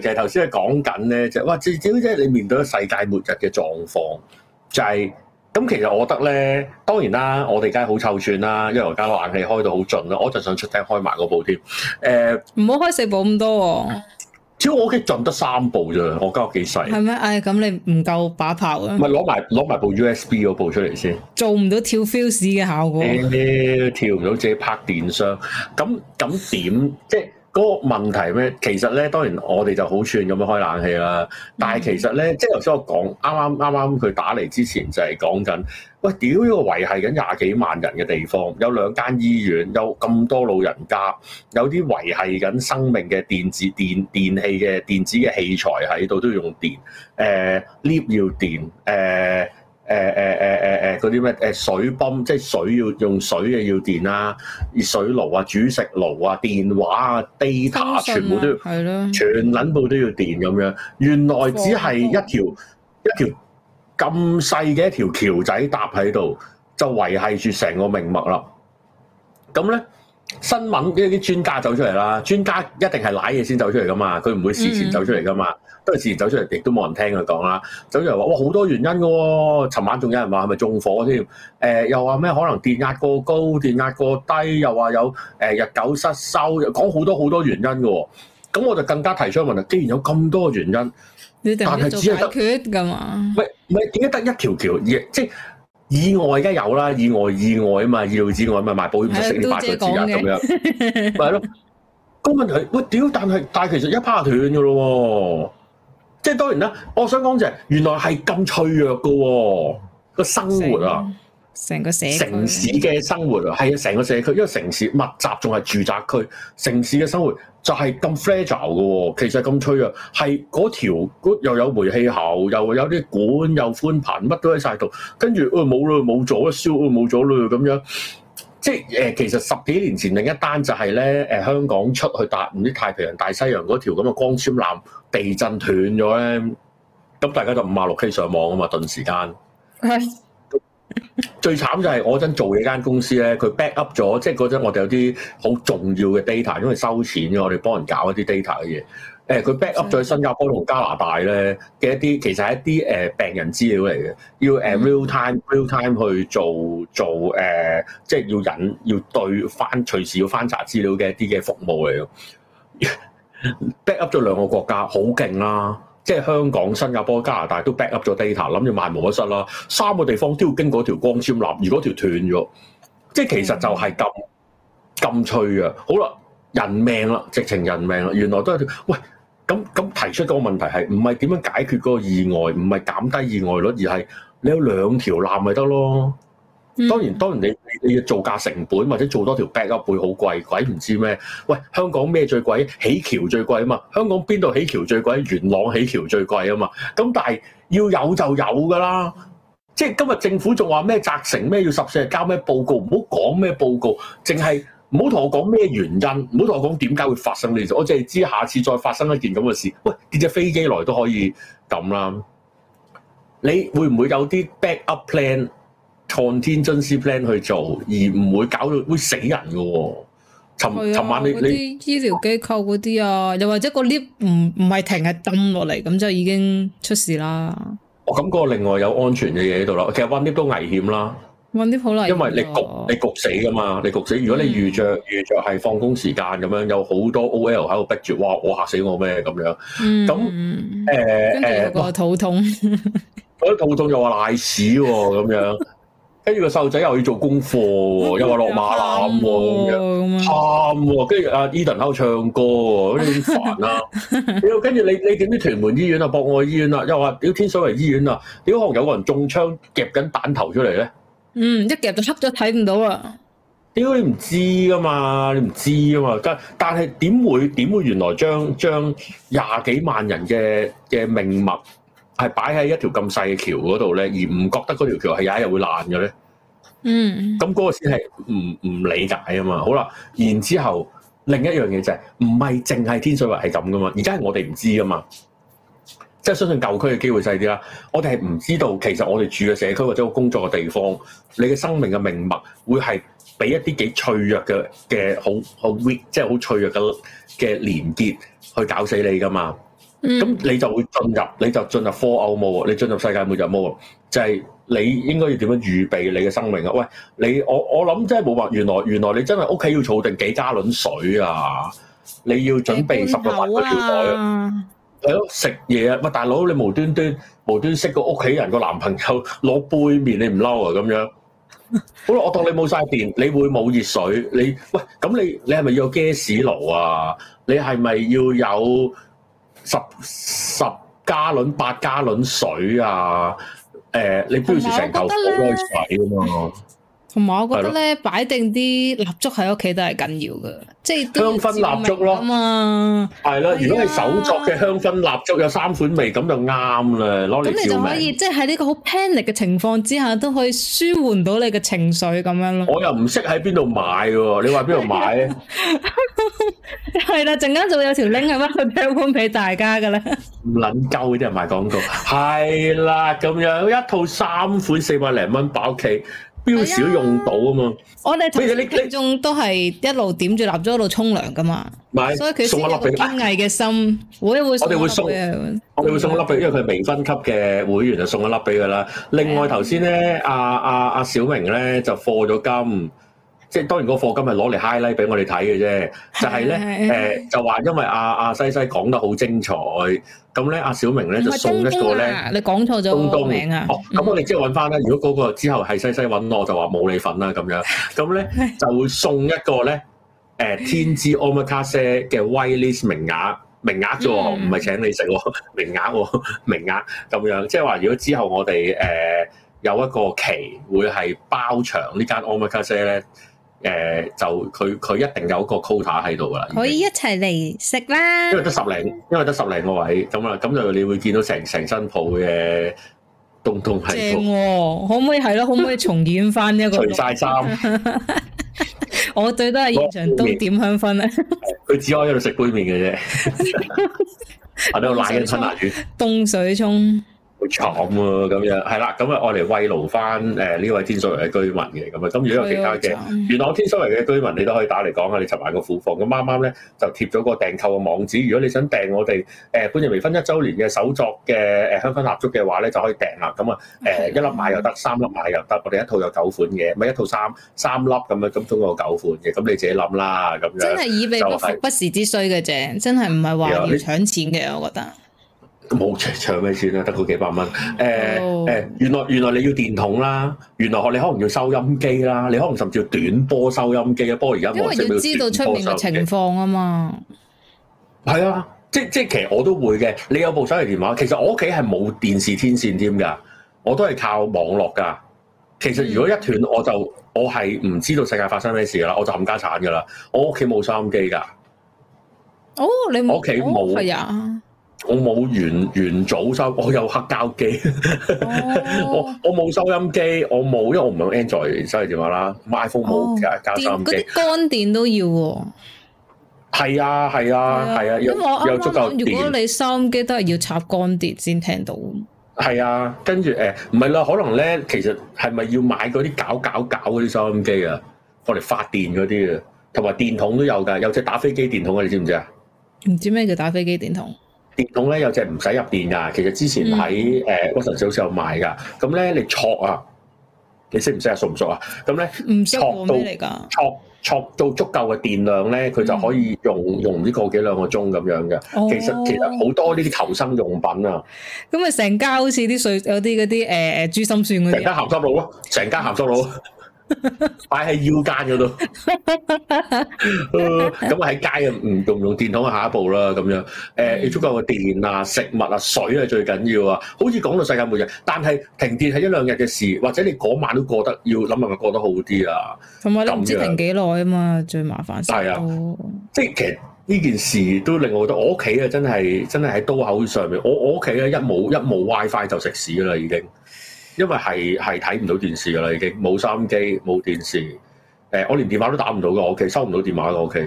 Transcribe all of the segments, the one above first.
就係頭先係講緊咧，就係、哇至少即係你面對一世界末日嘅狀況，就係、係、咁。其實我覺得咧，當然啦，我哋梗係好臭串啦，因為我間冷氣開到好盡啦。我就想出廳開埋嗰部添，誒唔好開四部咁多、哦。只要我屋企盡得三部咋，我間屋幾細。係咩？哎，咁你唔夠把炮啊？咪攞埋攞埋部 USB 嗰部出嚟先，做唔到跳 fuse 嘅效果，欸欸、跳唔到自己拍電商。咁咁點即？嗰、那個問題咩？其實咧，當然我哋就好串咁樣開冷氣啦。但係其實咧、嗯，即係頭先我講，啱啱啱啱佢打嚟之前就係講緊，喂，屌呢個維係緊廿幾萬人嘅地方，有兩間醫院，有咁多老人家，有啲維係緊生命嘅電子電電器嘅電子嘅器材喺度都要用電，誒、呃、lift 要電，誒、呃。誒誒誒誒誒嗰啲咩誒水泵，即係水要用水嘅要電啦、啊，熱水爐啊、煮食爐啊、電話啊、data 全部都要，係咯，全撚部，部都要電咁樣。原來只係一條一條咁細嘅一條橋仔搭喺度，就維係住成個命脈啦。咁咧。新聞呢啲專家走出嚟啦，專家一定係賴嘢先走出嚟噶嘛，佢唔會事前走出嚟噶嘛，嗯嗯都係事前走出嚟，亦都冇人聽佢講啦。走出嚟話哇好多原因嘅喎，尋晚仲有人話係咪縱火添？誒、呃、又話咩可能電壓過高、電壓過低，又話有誒、呃、日久失修，又講好多好多原因嘅喎。咁我就更加提出問題：既然有咁多原因，你一定做決但係只係得，唔係唔係點解得一條橋，而即係。意外梗係有啦，意外意外啊嘛，意外之外咪買保險就識啲八個字啊咁樣，咪係咯。個問題，喂屌，但係但係其實一拍就斷噶咯喎。即係當然啦，我想講就係原來係咁脆弱噶喎個生活啊。 成個城城市嘅生活啊，係啊，成個社區，因為城市密集，仲係住宅區。城市嘅生活就係咁 fragile 嘅，其實咁脆弱。係嗰條，又有煤氣喉，又有啲管，又寬頻，乜都喺晒度。跟住，誒、哎，冇啦，冇咗，燒，冇咗啦，咁樣。即係誒，其實十幾年前另一單就係咧，誒，香港出去搭唔知太平洋大西洋嗰條咁嘅光纖纜，地震斷咗咧，咁大家就五碼六 K 上網啊嘛，頓時間。 最慘就係我嗰陣做呢間公司咧，佢 backup 咗，即係嗰陣我哋有啲好重要嘅 data，因為收錢嘅，我哋幫人搞一啲 data 嘅嘢。誒，佢 backup 咗喺新加坡同加拿大咧嘅一啲，其實係一啲誒病人資料嚟嘅，要誒 real time real time 去做做誒，即係要引要對翻，隨時要翻查資料嘅一啲嘅服務嚟嘅。backup 咗兩個國家，好勁啦！即係香港、新加坡、加拿大都 back up 咗 data，諗住萬無一失啦。三個地方都要經過條光纖纜，而嗰條斷咗，即係其實就係咁咁脆啊！好啦，人命啦，直情人命啦。原來都係。喂，咁咁提出個問題係唔係點樣解決嗰個意外？唔係減低意外率，而係你有兩條纜咪得咯。當然當然，當然你你你要造價成本，或者做多條 backup 會好貴，鬼唔知咩？喂，香港咩最貴？起橋最貴啊嘛！香港邊度起橋最貴？元朗起橋最貴啊嘛！咁但係要有就有噶啦，即係今日政府仲話咩？責成咩要十四日交咩報告？唔好講咩報告，淨係唔好同我講咩原因，唔好同我講點解會發生呢、呢個？我淨係知下次再發生一件咁嘅事，喂跌隻飛機來都可以咁啦。你會唔會有啲 backup plan？contingency plan 去做，而唔會搞到會死人嘅喎、哦。尋尋晚你啲、啊、醫療機構嗰啲啊，又或者個 lift 唔唔係停係墮落嚟，咁就已經出事啦。我感覺另外有安全嘅嘢喺度啦。其實揾 lift 都危險啦，揾 lift 好難，因為你焗、啊、你焗死㗎嘛，你焗死。如果你遇着遇着係放工時間咁樣，有好多 OL 喺度逼住，哇！我嚇死我咩咁樣？咁誒誒，跟住又個肚痛，我、啊、啲 肚痛又話瀨屎喎、哦、咁樣。跟住個細路仔又要做功課，哦、又話落馬欄，喊、嗯！跟住阿 Edan 喺度唱歌，跟住煩啊，跟住你，你點知屯門醫院啊、博愛醫院啊，又話屌天水圍醫院啊，點可能有個人中槍夾緊彈頭出嚟咧？嗯，一夾就黑咗睇唔到啊！屌，你唔知噶嘛，你唔知噶嘛。但但係，點會點會原來將將廿幾萬人嘅嘅命脈？係擺喺一條咁細嘅橋嗰度咧，而唔覺得嗰條橋係有一日會爛嘅咧？嗯、mm.，咁嗰個先係唔唔理解啊嘛。好啦，然之後另一樣嘢就係唔係淨係天水圍係咁噶嘛？而家係我哋唔知噶嘛，即係相信舊區嘅機會細啲啦。我哋係唔知道，其實我哋住嘅社區或者我工作嘅地方，你嘅生命嘅命脈會係俾一啲幾脆弱嘅嘅好好 weak，即係好脆弱嘅嘅連結去搞死你噶嘛？咁、嗯、你就會進入，你就進入科奧 mode，你進入世界末日 mode，就係你應該要點樣預備你嘅生命啊？喂，你我我諗真係冇話原來原來你真係屋企要儲定幾加倫水啊？你要準備十個萬嘅條袋，係咯食嘢啊？喂，大佬，你無端端無端識個屋企人個男朋友攞杯麵，你唔嬲啊？咁樣好啦，我當你冇晒電， 你會冇熱水，你喂咁你你係咪要有 gas 爐，爐啊？你係咪要有？十十加侖八加侖水啊！誒、呃，你表示成嚿好多水啊嘛～同埋，我覺得咧擺定啲蠟燭喺屋企都係緊要嘅，即係香薰蠟燭咯。係咯，如果你手作嘅香薰蠟燭有三款味，咁就啱啦。攞嚟咁你就可以即係喺呢個好 panic 嘅情況之下，都可以舒緩到你嘅情緒咁樣咯。我又唔識喺邊度買嘅，你話邊度買？係啦，陣間就會有條 link 係翻去 share 翻俾大家噶啦。唔捻夠啲人賣廣告，係啦，咁樣一套三款四百零蚊包屋企。少用到啊嘛！我哋頭先中都係一路點住蠟燭喺度沖涼噶嘛，所以佢送一粒俾。精藝嘅心會會送。我哋會送，我哋會送一粒俾，因為佢係未分級嘅會員就送一粒俾佢啦。另外頭先咧，阿阿阿小明咧就課咗金，即係當然個課金係攞嚟 highlight 俾我哋睇嘅啫，就係咧誒，就話因為阿、啊、阿、啊、西西講得好精彩，咁咧阿小明咧就送一個咧東東名啊。咁、嗯哦、我哋即係揾翻咧。如果嗰個之後係西西揾我，就話冇你份啦咁樣。咁咧就送一個咧誒、 呃、天之 Omakase 嘅 wishlist 名額名額啫喎，唔、嗯、係請你食名額名額咁樣。即係話如果之後我哋誒、呃、有一個期會係包場這卡西呢間 Omakase 咧。誒、呃，就佢佢一定有一個 quota 喺度噶啦，可以一齊嚟食啦。因為得十零，因為得十零個位咁啊，咁就你會見到成成身抱嘅東東係正。可唔可以係咯？ 可唔可以重演翻一個除晒衫？ 我對得係現場都點香薰啊！佢只可以喺度食杯麵嘅啫。我喺度瀨緊吞拿魚，凍水沖。好慘喎，咁樣係啦，咁啊，我嚟慰勞返誒呢位天水圍嘅居民嘅，咁啊，咁如果有其他嘅元朗天水圍嘅居民，你都可以打嚟講下，你尋晚個苦況。咁啱啱咧就貼咗個訂購嘅網址，如果你想訂我哋誒、呃、本日未婚一周年嘅手作嘅誒香薰蠟燭嘅話咧，就可以訂啦。咁啊，誒、呃、一粒買又得，三粒買又得，我哋一套有九款嘅，咪一套三三粒咁樣，咁總共有九款嘅，咁你自己諗啦。咁樣真係以備不不時之需嘅啫，真係唔係話要搶錢嘅，我覺得。冇搶搶咩先啦？得嗰幾百蚊。誒、oh. 誒、欸欸，原來原來你要電筒啦，原來你可能要收音機啦，你可能甚至要短波收音機啊。不過而家因為要知道出面嘅情況啊嘛，係啊，即即，即其實我都會嘅。你有部手提電話，其實我屋企係冇電視天線添㗎，我都係靠網絡㗎。其實如果一斷我就、嗯、我係唔知道世界發生咩事㗎啦，我就冚家鏟㗎啦。我屋企冇收音機㗎。哦、oh，你冇？我屋企冇係啊。我冇原原組收，我有黑膠機、哦。 我我冇收音機，我冇，因為我唔用 Android 收音電話啦。iPhone 冇架架收音機。嗰啲乾電都要喎、哦。係啊係啊係啊，又、啊啊啊啊、有。剛剛有足夠。如果你收音機都係要插乾電先聽到。係啊，跟住誒、唔、欸、係啦，可能咧，其實係咪要買嗰啲搞搞搞嗰啲收音機啊？我哋發電嗰啲啊，同埋電筒都有噶，有隻打飛機電筒啊，你知唔知啊？唔知咩叫打飛機電筒？電筒咧有隻唔使入電噶，其實之前喺誒屈臣氏好似有賣噶。咁咧你戳啊，你識唔識啊，熟唔熟啊？咁咧唔識到嚟㗎，戳戳到足夠嘅電量咧，佢就可以用、嗯、用唔知個幾兩個鐘咁樣嘅、哦。其實其實好多呢啲求生用品啊。咁啊成家好似啲水有啲嗰啲誒誒珠心算成家鹹濕佬啊！成家鹹濕佬。嗯 擺 喺腰間嗰度，咁我喺街啊，唔用唔用電筒下一步啦，咁樣，誒、呃，足夠嘅電啊、食物啊、水啊最緊要啊，好似講到世界末日，但係停電係一兩日嘅事，或者你嗰晚都過得要諗係咪過得好啲啊，同埋都唔知停幾耐啊嘛，最麻煩，係啊，即係其實呢件事都令我覺得，我屋企啊真係真係喺刀口上面，我我屋企啊一冇一冇 WiFi 就食屎啦，已經。因為係係睇唔到電視噶啦，已經冇收音機，冇電視。誒、欸，我連電話都打唔到噶，我屋企收唔到電話噶，我屋企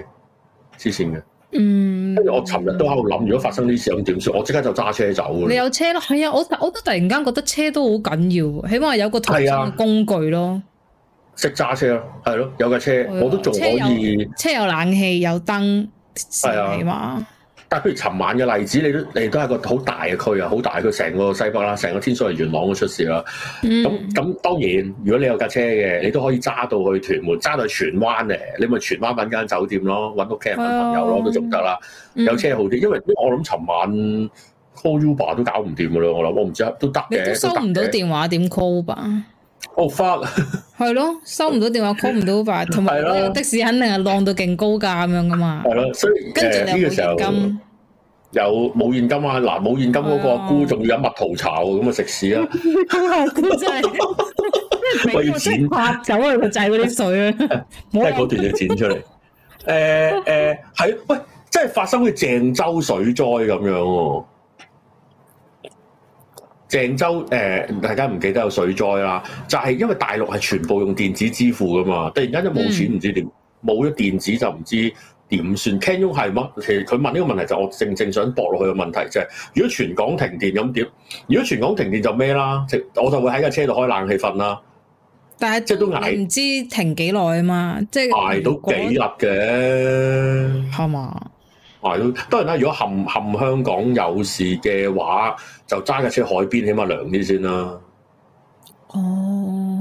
黐線嘅。嗯，跟住我尋日都喺度諗，如果發生啲事咁點算？我即刻就揸車走。你有車咯？係啊，我我都突然間覺得車都好緊要，起碼有個逃生工具咯。識揸車咯，係咯，有架車，我都仲可以。車有，車有冷氣，有燈，係啊起碼。但譬如尋晚嘅例子，你都你都係個好大嘅區啊，好大，佢成個西北啦，成個天水圍元朗都出事啦。咁、嗯、咁當然，如果你有架車嘅，你都可以揸到去屯門，揸到去荃灣咧，你咪荃灣揾間酒店咯，揾屋企人朋友咯，哦、都仲得啦。有車好啲，嗯，因為我諗尋晚 call Uber 都搞唔掂噶啦，我諗我唔知都得嘅。你都收唔到電話，點 call 吧？係、oh, 咯， 收唔到電話，call 唔到吧，同 埋的，的，的士肯定係浪到勁高價，咁樣噶嘛。係咯，所以跟住又冇現金，有、這、冇、個、現金啊？嗱、啊，冇現金嗰個阿姑仲要飲蜜桃茶，咁啊食屎啦！咁 真係， 我要剪八九個仔嗰啲水啊！即係嗰段要剪出嚟。誒 誒、欸，喺、欸、喂，即係發生嘅鄭州水災咁樣、啊。鄭州誒、呃，大家唔記得有水災啦，就係、是、因為大陸係全部用電子支付㗎嘛，突然間就冇錢唔知，唔知點冇咗電子就唔知點算。Can you 係乜？其實佢問呢個問題就我正正想駁落去嘅問題即係：如果全港停電咁點？如果全港停電就咩啦？即我就會喺架車度開冷氣瞓啦。但係即都捱唔知道停幾耐啊嘛，即捱到幾粒嘅係嘛。係嘛係，當然啦。如果含含香港有事嘅話，就揸架車海邊，起碼涼啲先啦、啊。哦，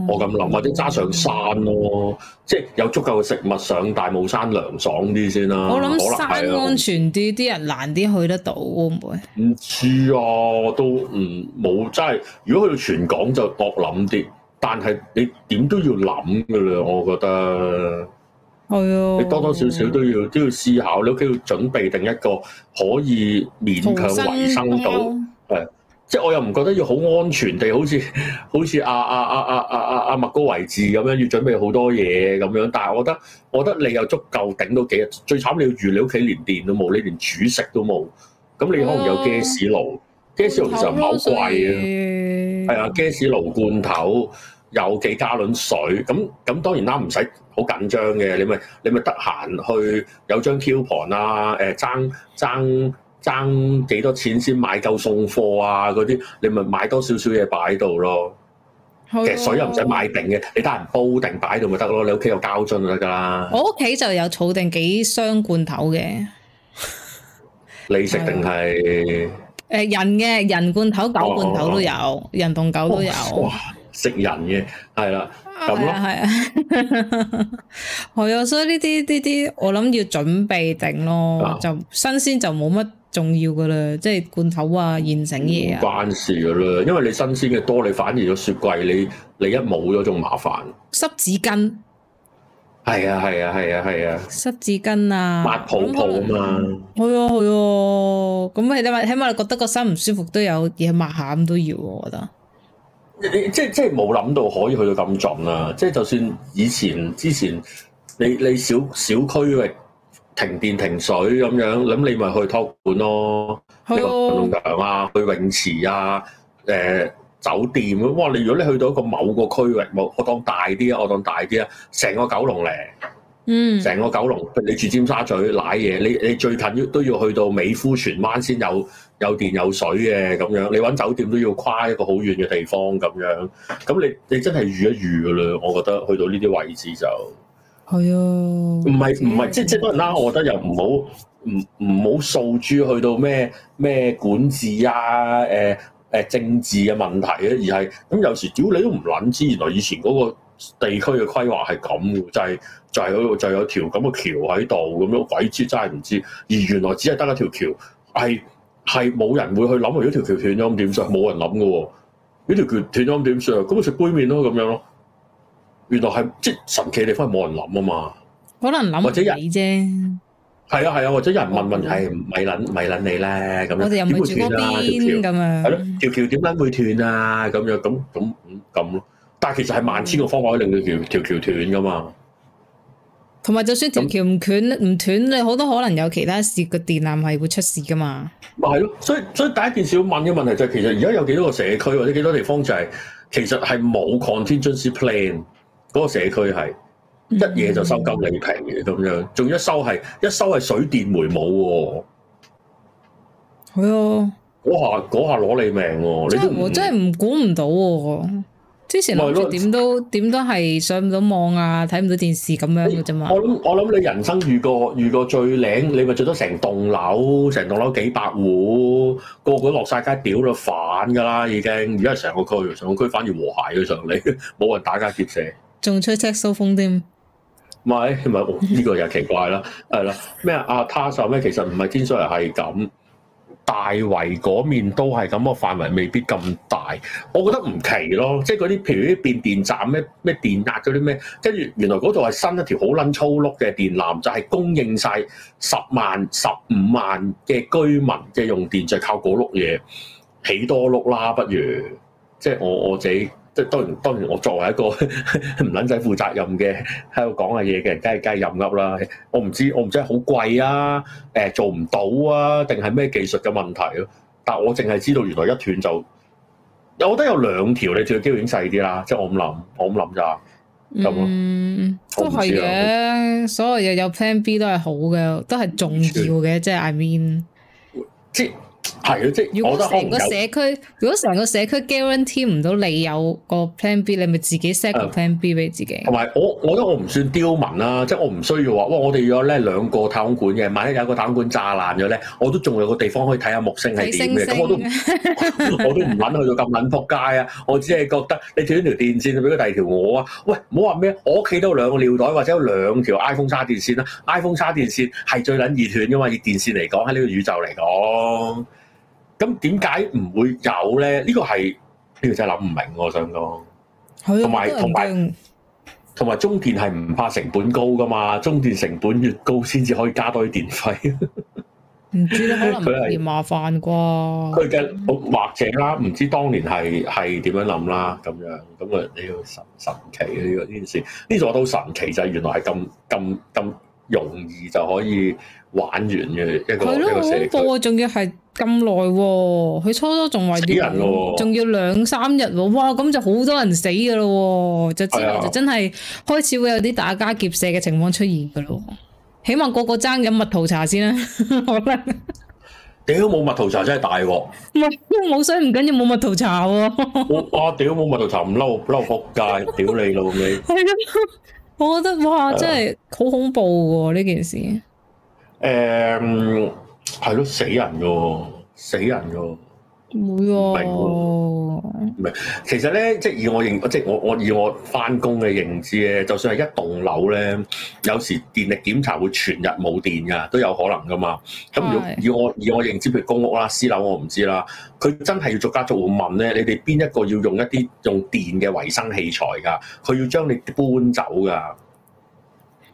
我咁諗，或者揸上山咯、啊，即係有足夠嘅食物上大帽山涼爽啲先啦、啊。我諗山安全啲，啲人難啲去得到，會唔會？唔知啊，都唔冇真係。如果去到全港就多諗啲，但係你點都要諗噶啦，我覺得。係啊，你多多少少，少都要都要思考，你屋企要準備定一個可以勉強維生到，係，即係我又唔覺得要好安全地，好似好似阿啊啊啊啊阿麥高維治咁樣要準備好多嘢咁樣，但係我覺得我覺得你又足夠頂到幾日，最慘你要住你屋企連電都冇，你連煮食都冇，咁你可能有 gas 爐，gas 爐其實唔係好貴啊，係啊，gas 爐罐頭。有幾加侖水咁，咁當然啦，唔使好緊張嘅。你咪你咪得閒去有張 coupon 啦，誒爭爭爭幾多錢先買夠送貨啊嗰啲，你咪買多少少嘢擺度咯。其實水又唔使買定嘅，你得閒煲定擺度咪得咯。你屋企有膠樽就得噶啦。我屋企就有儲定幾箱罐頭嘅， 你食定係？誒、呃、人嘅人罐頭、狗罐頭都有，哦、人同狗都有。食人嘅係啦，咁咯，係啊，係啊，啊， 啊，所以呢啲呢啲，我諗要準備定咯、啊，就新鮮就冇乜重要噶啦，即係罐頭啊，現成嘢啊，關事噶啦，因為你新鮮嘅多，你反而個雪櫃你你一冇咗仲麻煩。濕紙巾，係啊，係啊，係啊，係啊，濕紙巾啊，抹泡泡啊嘛，係啊，係啊，咁、啊、你起碼起碼覺得個身唔舒服都有嘢抹下咁都要，我覺得。即係即係冇諗到可以去到咁盡啦！即係就算以前之前你，你你小小區域停電停水咁樣，咁你咪去托管咯，去運動場啊，去泳池啊，誒、呃、酒店咁。哇！你如果你去到一個某個區域，冇我當大啲啊，我當大啲啊，成個九龍嚟，嗯，成個九龍，你住尖沙咀瀨嘢，你你最近要都要去到美孚荃灣先有。有電有水嘅咁樣，你揾酒店都要跨一個好遠嘅地方咁樣。咁你你真係預一預噶啦，我覺得去到呢啲位置就係啊，唔係唔係，即即當然啦。就是就是、我覺得又唔好唔唔好訴諸去到咩咩管治啊，誒、呃、誒、呃、政治嘅問題啊，而係咁有時屌你都唔撚知道，原來以前嗰個地區嘅規劃係咁嘅，就係、是、就係嗰度就是、有條咁嘅橋喺度咁樣，鬼知真係唔知，而原來只係得一條橋係。哎係冇人會去諗，如果條橋斷咗點算？冇人諗噶，呢條橋斷咗點算？咁咪食杯麵咯，咁樣咯。原來係即神奇地方係冇人諗啊嘛，可能諗或者人啫。係啊係啊，啊，或者有人問問，係咪諗咪諗你咧？咁樣點會斷啊？咁樣係咯，條橋點解會斷啊？咁、啊、樣咁咁咁咯。但係其實係萬千個方法可以令到條條橋斷噶嘛。同埋，就算條橋唔斷唔斷，你好多可能有其他事嘅電纜係會出事㗎嘛？咪係咯，所以所以第一件事要問嘅問題就係，其實而家有幾多個社區或者幾多地方就係，其實係冇 contingency plan 嗰個社區係一嘢就收金你皮嘅咁樣，仲一收係一收係水電煤冇喎。係啊，嗰下嗰下攞你命喎！真係真係唔估唔到喎。之前諗住點都點 都係上唔到網啊，睇唔到電視咁樣嘅啫嘛。我諗我諗你人生遇過遇過最靚，你咪住咗成棟樓，成棟樓幾百戶，個個落晒街屌到反噶啦，已經。而家成個區，成個區反而和諧嘅上嚟，冇 人打家劫舍。仲吹車收風添？唔係唔係，呢個又奇怪啦，係啦咩啊？他受咩？其實唔係天水圍係咁。大圍嗰面都係咁個範圍，未必咁大。我覺得唔奇咯，即係嗰啲譬如啲變電站咩咩電壓嗰啲咩，跟住原來嗰度係新一條好撚粗碌嘅電纜，就係供應晒十萬十五萬嘅居民嘅用電，就靠嗰碌嘢。起多碌啦，不如即係我我自己。即係當然當然，當然我作為一個唔撚仔負責任嘅喺度講下嘢嘅人，梗係梗係任噏啦。我唔知我唔知係好貴啊，誒、欸、做唔到啊，定係咩技術嘅問題咯、啊？但我淨係知道原來一斷就，我覺得有兩條你斷嘅機會已經細啲啦。即係我咁諗，我咁諗咋？咁、嗯、咯，都係嘅。所有嘢有 Plan B 都係好嘅，都係重要嘅。即係 I mean，即係啊，即係如果成個，個社區，如果成個社區 guarantee 唔到你有個 plan B，你咪自己 set 個 plan B 俾自己。同、嗯、埋我，我覺得我唔算刁民啦、啊，即係我唔需要話，哇！我哋有咧兩個太空館嘅，萬一有一個太空館炸爛咗咧，我都仲有個地方可以睇下木星係點嘅。咁我都我都唔撚去到咁撚仆街啊！我只係覺得你斷條電線，你俾佢第二條我啊！喂，唔好話咩？我屋企都有兩個尿袋，或者有兩條 iPhone 叉電線啦、啊。iPhone 叉電線係最撚熱血，因為以電線嚟講，喺呢個宇宙嚟講。咁點解唔會有咧？呢個係呢個真係諗唔明。我想講，同埋同埋同埋中電係唔怕成本高噶嘛？中電成本越高，先至可以加多啲電費。唔 知咧，可能嫌麻煩啩？佢嘅或者啦，唔知當年係係點樣諗啦？咁樣咁啊，呢個神神奇呢個呢件事呢？座都神奇就係原來係咁咁咁容易就可以玩完嘅一個一個社區，仲要係。咁耐喎，佢初初仲為啲人仲要兩三日喎、啊，哇！咁就好多人死噶咯、啊，就之後就真係開始會有啲打家劫舍嘅情況出現噶咯、啊。起碼個個爭緊蜜桃茶先啦、啊 啊 啊 啊，我覺得。屌冇蜜桃茶真係大鑊，冇冇水唔緊要，冇蜜桃茶喎。我屌冇蜜桃茶唔嬲嬲撲街，屌你咯你。係咯，我覺得哇，真係好恐怖喎、啊、呢、啊、件事。誒、um。係咯，死人嘅，死人嘅，唔會喎、啊，唔明。其實咧，即係以我認，即係我我以我翻工嘅認知咧，就算係一棟樓咧，有時電力檢查會全日冇電噶，都有可能噶嘛。咁如果以我以我認知，譬如公屋啦，私樓我唔知啦。佢真係要逐家逐戶問咧，你哋邊一個要用一啲用電嘅維生器材噶？佢要將你搬走噶。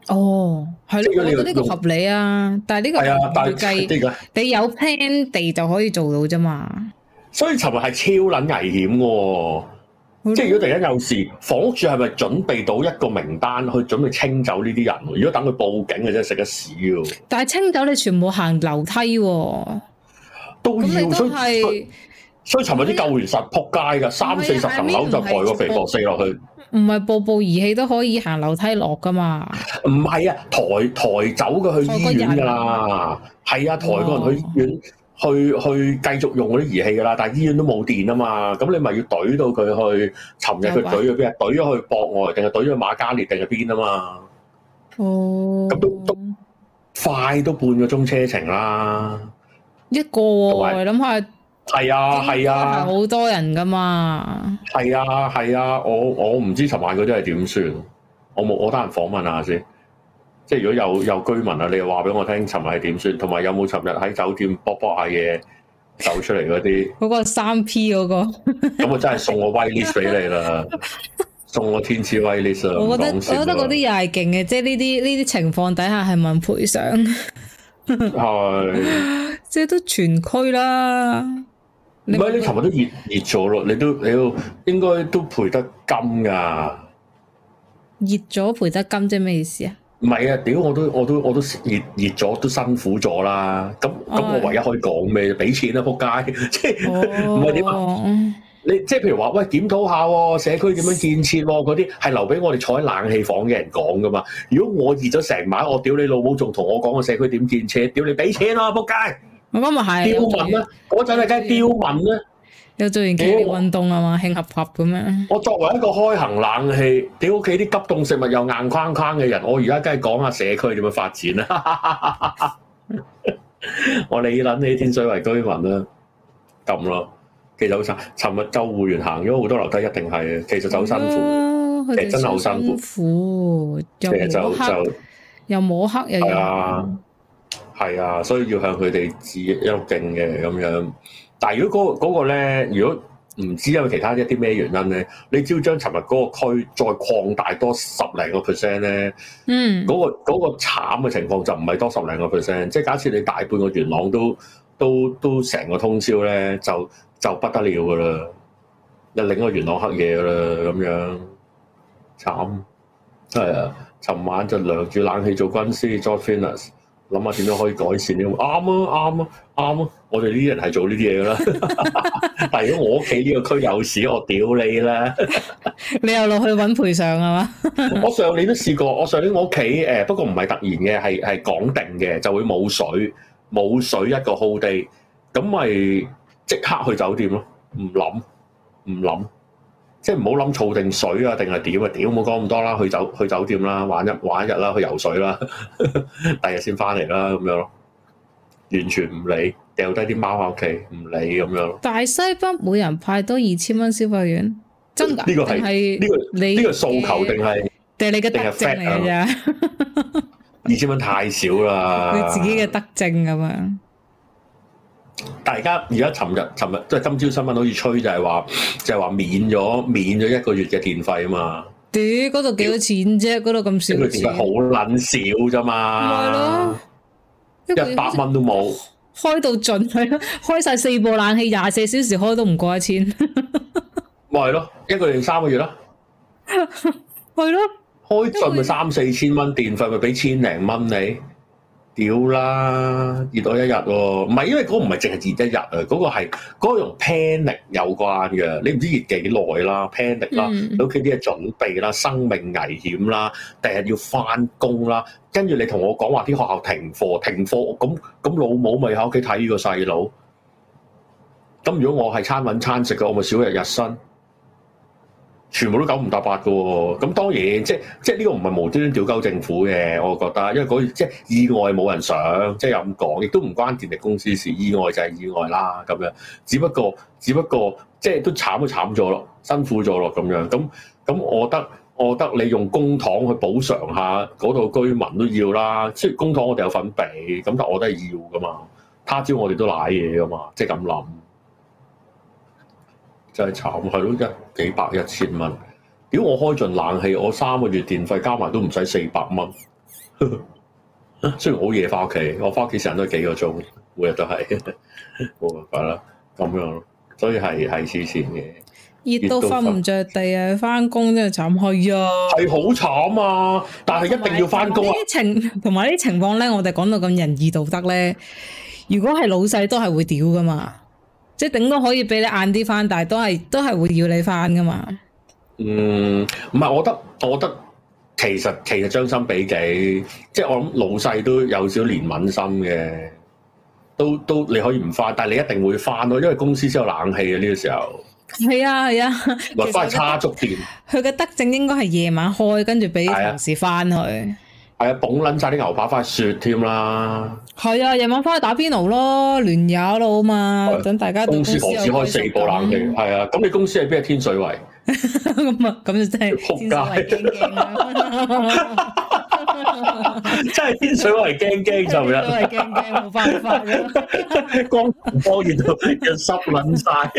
哦，係咯，我覺得呢個合理啊，但係呢個係啊，但係大計你有 plan 地就可以做到啫嘛。所以尋日係超捻危險嘅，哦，即係如果突然間有事，房屋署係咪準備到一個名單去準備清走呢啲人？如果等佢報警嘅真係，食個屎，啊。但係清走你全部行樓梯，哦，咁你都係。所以尋日啲救援實扑街噶，三四十層樓就抬個肥婆死落去。唔係部部儀器都可以行樓梯落噶嘛？唔係啊，抬抬走佢去醫院噶啦，係啊，抬個、啊、人去醫院去、哦、去，去繼續用嗰啲儀器噶啦，但係醫院都冇電啊嘛，咁你咪要懟到佢去，尋日佢懟去邊啊？懟咗去博愛定係懟咗去瑪嘉烈定係邊啊嘛？哦，咁都，都快都半個鐘車程啦，一個、哦，係，咁佢。係啊係啊，好多人噶嘛。係啊係啊，啊，啊，我我唔知尋晚嗰啲係點算，我冇我得閒訪問下先。即係如果有有居民啊，你就話俾我聽尋晚係點算，同埋有冇尋日喺酒店卜卜下嘢走出嚟嗰啲？嗰 個三 P 嗰個，咁 我真係送個威 list 俾你啦， 送個天賜威 list。我覺得我覺得嗰啲又係勁嘅，即係呢啲呢啲情況底下係問賠償，係 是， 即係都全區啦。唔係你琴日都熱熱咗咯，你都屌應該都賠得金噶。熱咗賠得金即係咩意思啊？唔係啊，屌我都我都我都熱熱咗都辛苦咗啦。咁咁我唯一可以講咩？俾、哎、錢啦，仆街！即係唔係點啊？ 哦、 你即係譬如話，喂檢討下、啊、社區點樣建設嗰、啊、啲，係留俾我哋坐喺冷氣房嘅人講噶嘛。如果我熱咗成晚，我屌你老母，仲同我講個社區點建設？屌你俾錢啦、啊，仆街！我咁咪係，刁民咧，嗰陣你梗係刁民咧，又做完幾條運動啊嘛，慶合合咁樣。我作為一個開行冷氣，屌屋企啲急凍食物又硬框框嘅人，我而家梗係講下社區點樣發展啦。 我你諗你天水圍居民啦，咁咯，其實好慘。尋日救護員行咗好多樓梯，一定係、哎欸，其實就好辛苦，其實真係好辛苦，又摸黑，又摸黑，又、啊。係啊，所以要向佢哋致敬嘅咁樣。但係如果嗰嗰個咧，如果唔知有其他一啲咩原因咧，你只要將尋日嗰個區再擴大多十零個 percent 咧，嗯，嗰個嗰個慘嘅情況就唔係多十零個 percent。即係假設你大半個元朗都都都成個通宵咧，就就不得了㗎啦，你整個元朗黑夜㗎啦咁樣，慘係啊。尋晚就涼住冷氣做軍師，做 f i n 諗下點樣可以改善呢？啱啊啱啊啱啊！我哋呢啲人係做呢啲嘢噶啦。 但如果我屋企呢個區有事，我屌你啦！ 你又落去揾賠償係嘛？ 我上年都試過，我上年我屋企誒，不過唔係突然嘅，係係講定嘅，就會冇水冇水一個 whole day，咁咪即刻去酒店咯，唔諗唔諗。即係唔好諗儲定水啊，定係點啊？屌，冇講咁多啦，去酒去酒店啦，玩一玩一日啦、啊，去游水啦、啊，第日先翻嚟啦，咁、啊、樣咯，完全唔理，掉低啲貓喺屋企，唔理咁樣咯。大西北每人派多二千蚊消費券，真噶？呢、這個係呢、這個你呢個訴求定係定係你嘅德政嚟噶咋？二千蚊太少啦，你 自己嘅德政咁樣。大家而家，尋日、尋日即係今朝新聞，好似吹就係話，就係話免咗免咗一個月嘅電費啊嘛。屌，嗰度幾多錢啫？嗰度咁少。一個月電費好卵少啫嘛。咪係咯，一百蚊都冇。開到盡係咯，開晒四部冷氣廿四小時開都唔過一千。咪係咯，一個月三個月啦，係 咯，開盡咪三四千蚊電費咪俾千零蚊你。屌啦，熱到一日喎，啊，唔係因為嗰個唔係淨係熱一日啊，嗰、嗰個係嗰、嗰個用 panic 有關嘅，你唔知熱幾耐啦 panic 啦，喺屋企啲嘢準備啦，生命危險啦，第日要翻工啦，跟住你同我講話啲學校停課，停課，咁咁老母咪喺屋企睇呢個細佬，咁如果我係餐揾餐食嘅，我咪少一日薪。全部都九唔搭八嘅喎，咁當然即即呢個唔係無端端吊鳩政府嘅，我覺得，因為嗰、嗰個、即意外冇人想，即有咁講，亦都唔關電力公司事，意外就係意外啦咁樣。只不過只不過即都慘都慘咗咯，辛苦咗咯咁樣。咁咁，我覺得我覺得你用公帑去補償下嗰度居民都要啦，即公帑我哋有份俾，咁但我都係要㗎嘛，他朝我哋都瀨嘢㗎嘛，即咁諗。真係慘，係咯一幾百一千蚊。屌我開盡冷氣，我三個月電費加埋都唔使四百蚊。雖然好夜翻屋企，我翻屋企成日都係幾個鐘，每日都係冇辦法啦，咁樣咯。所以係係黐線嘅，熱到瞓唔着地啊！翻工真係慘，去啊！係好慘啊！但係一定要翻工啊！呢啲情同埋呢啲情況咧，我哋講到咁仁義道德咧，如果係老細都係會屌噶嘛。即係頂多可以俾你晏啲翻，但係都係都係會要你翻噶嘛。嗯，唔係，我覺得，我覺得其實其實，將心比己，即係我諗老細都有少少憐憫心嘅，都都你可以唔翻，但係你一定會翻咯，因為公司先有冷氣啊呢個時候。係啊係啊。或者、啊啊、差足電。佢嘅德政應該係夜晚開，跟住俾同事翻去。係、哎、啊，捧捻晒啲牛扒翻去雪添啦。係啊，夜晚翻去打邊爐咯，聯友咯嘛，等、嗯、大家到公司。公司只開四個冷氣，係啊。咁你公司喺邊啊？天水圍。咁啊，咁就真係扑街 真係天水圍驚驚就入，都係驚驚冇辦法。 光光完就濕卵晒，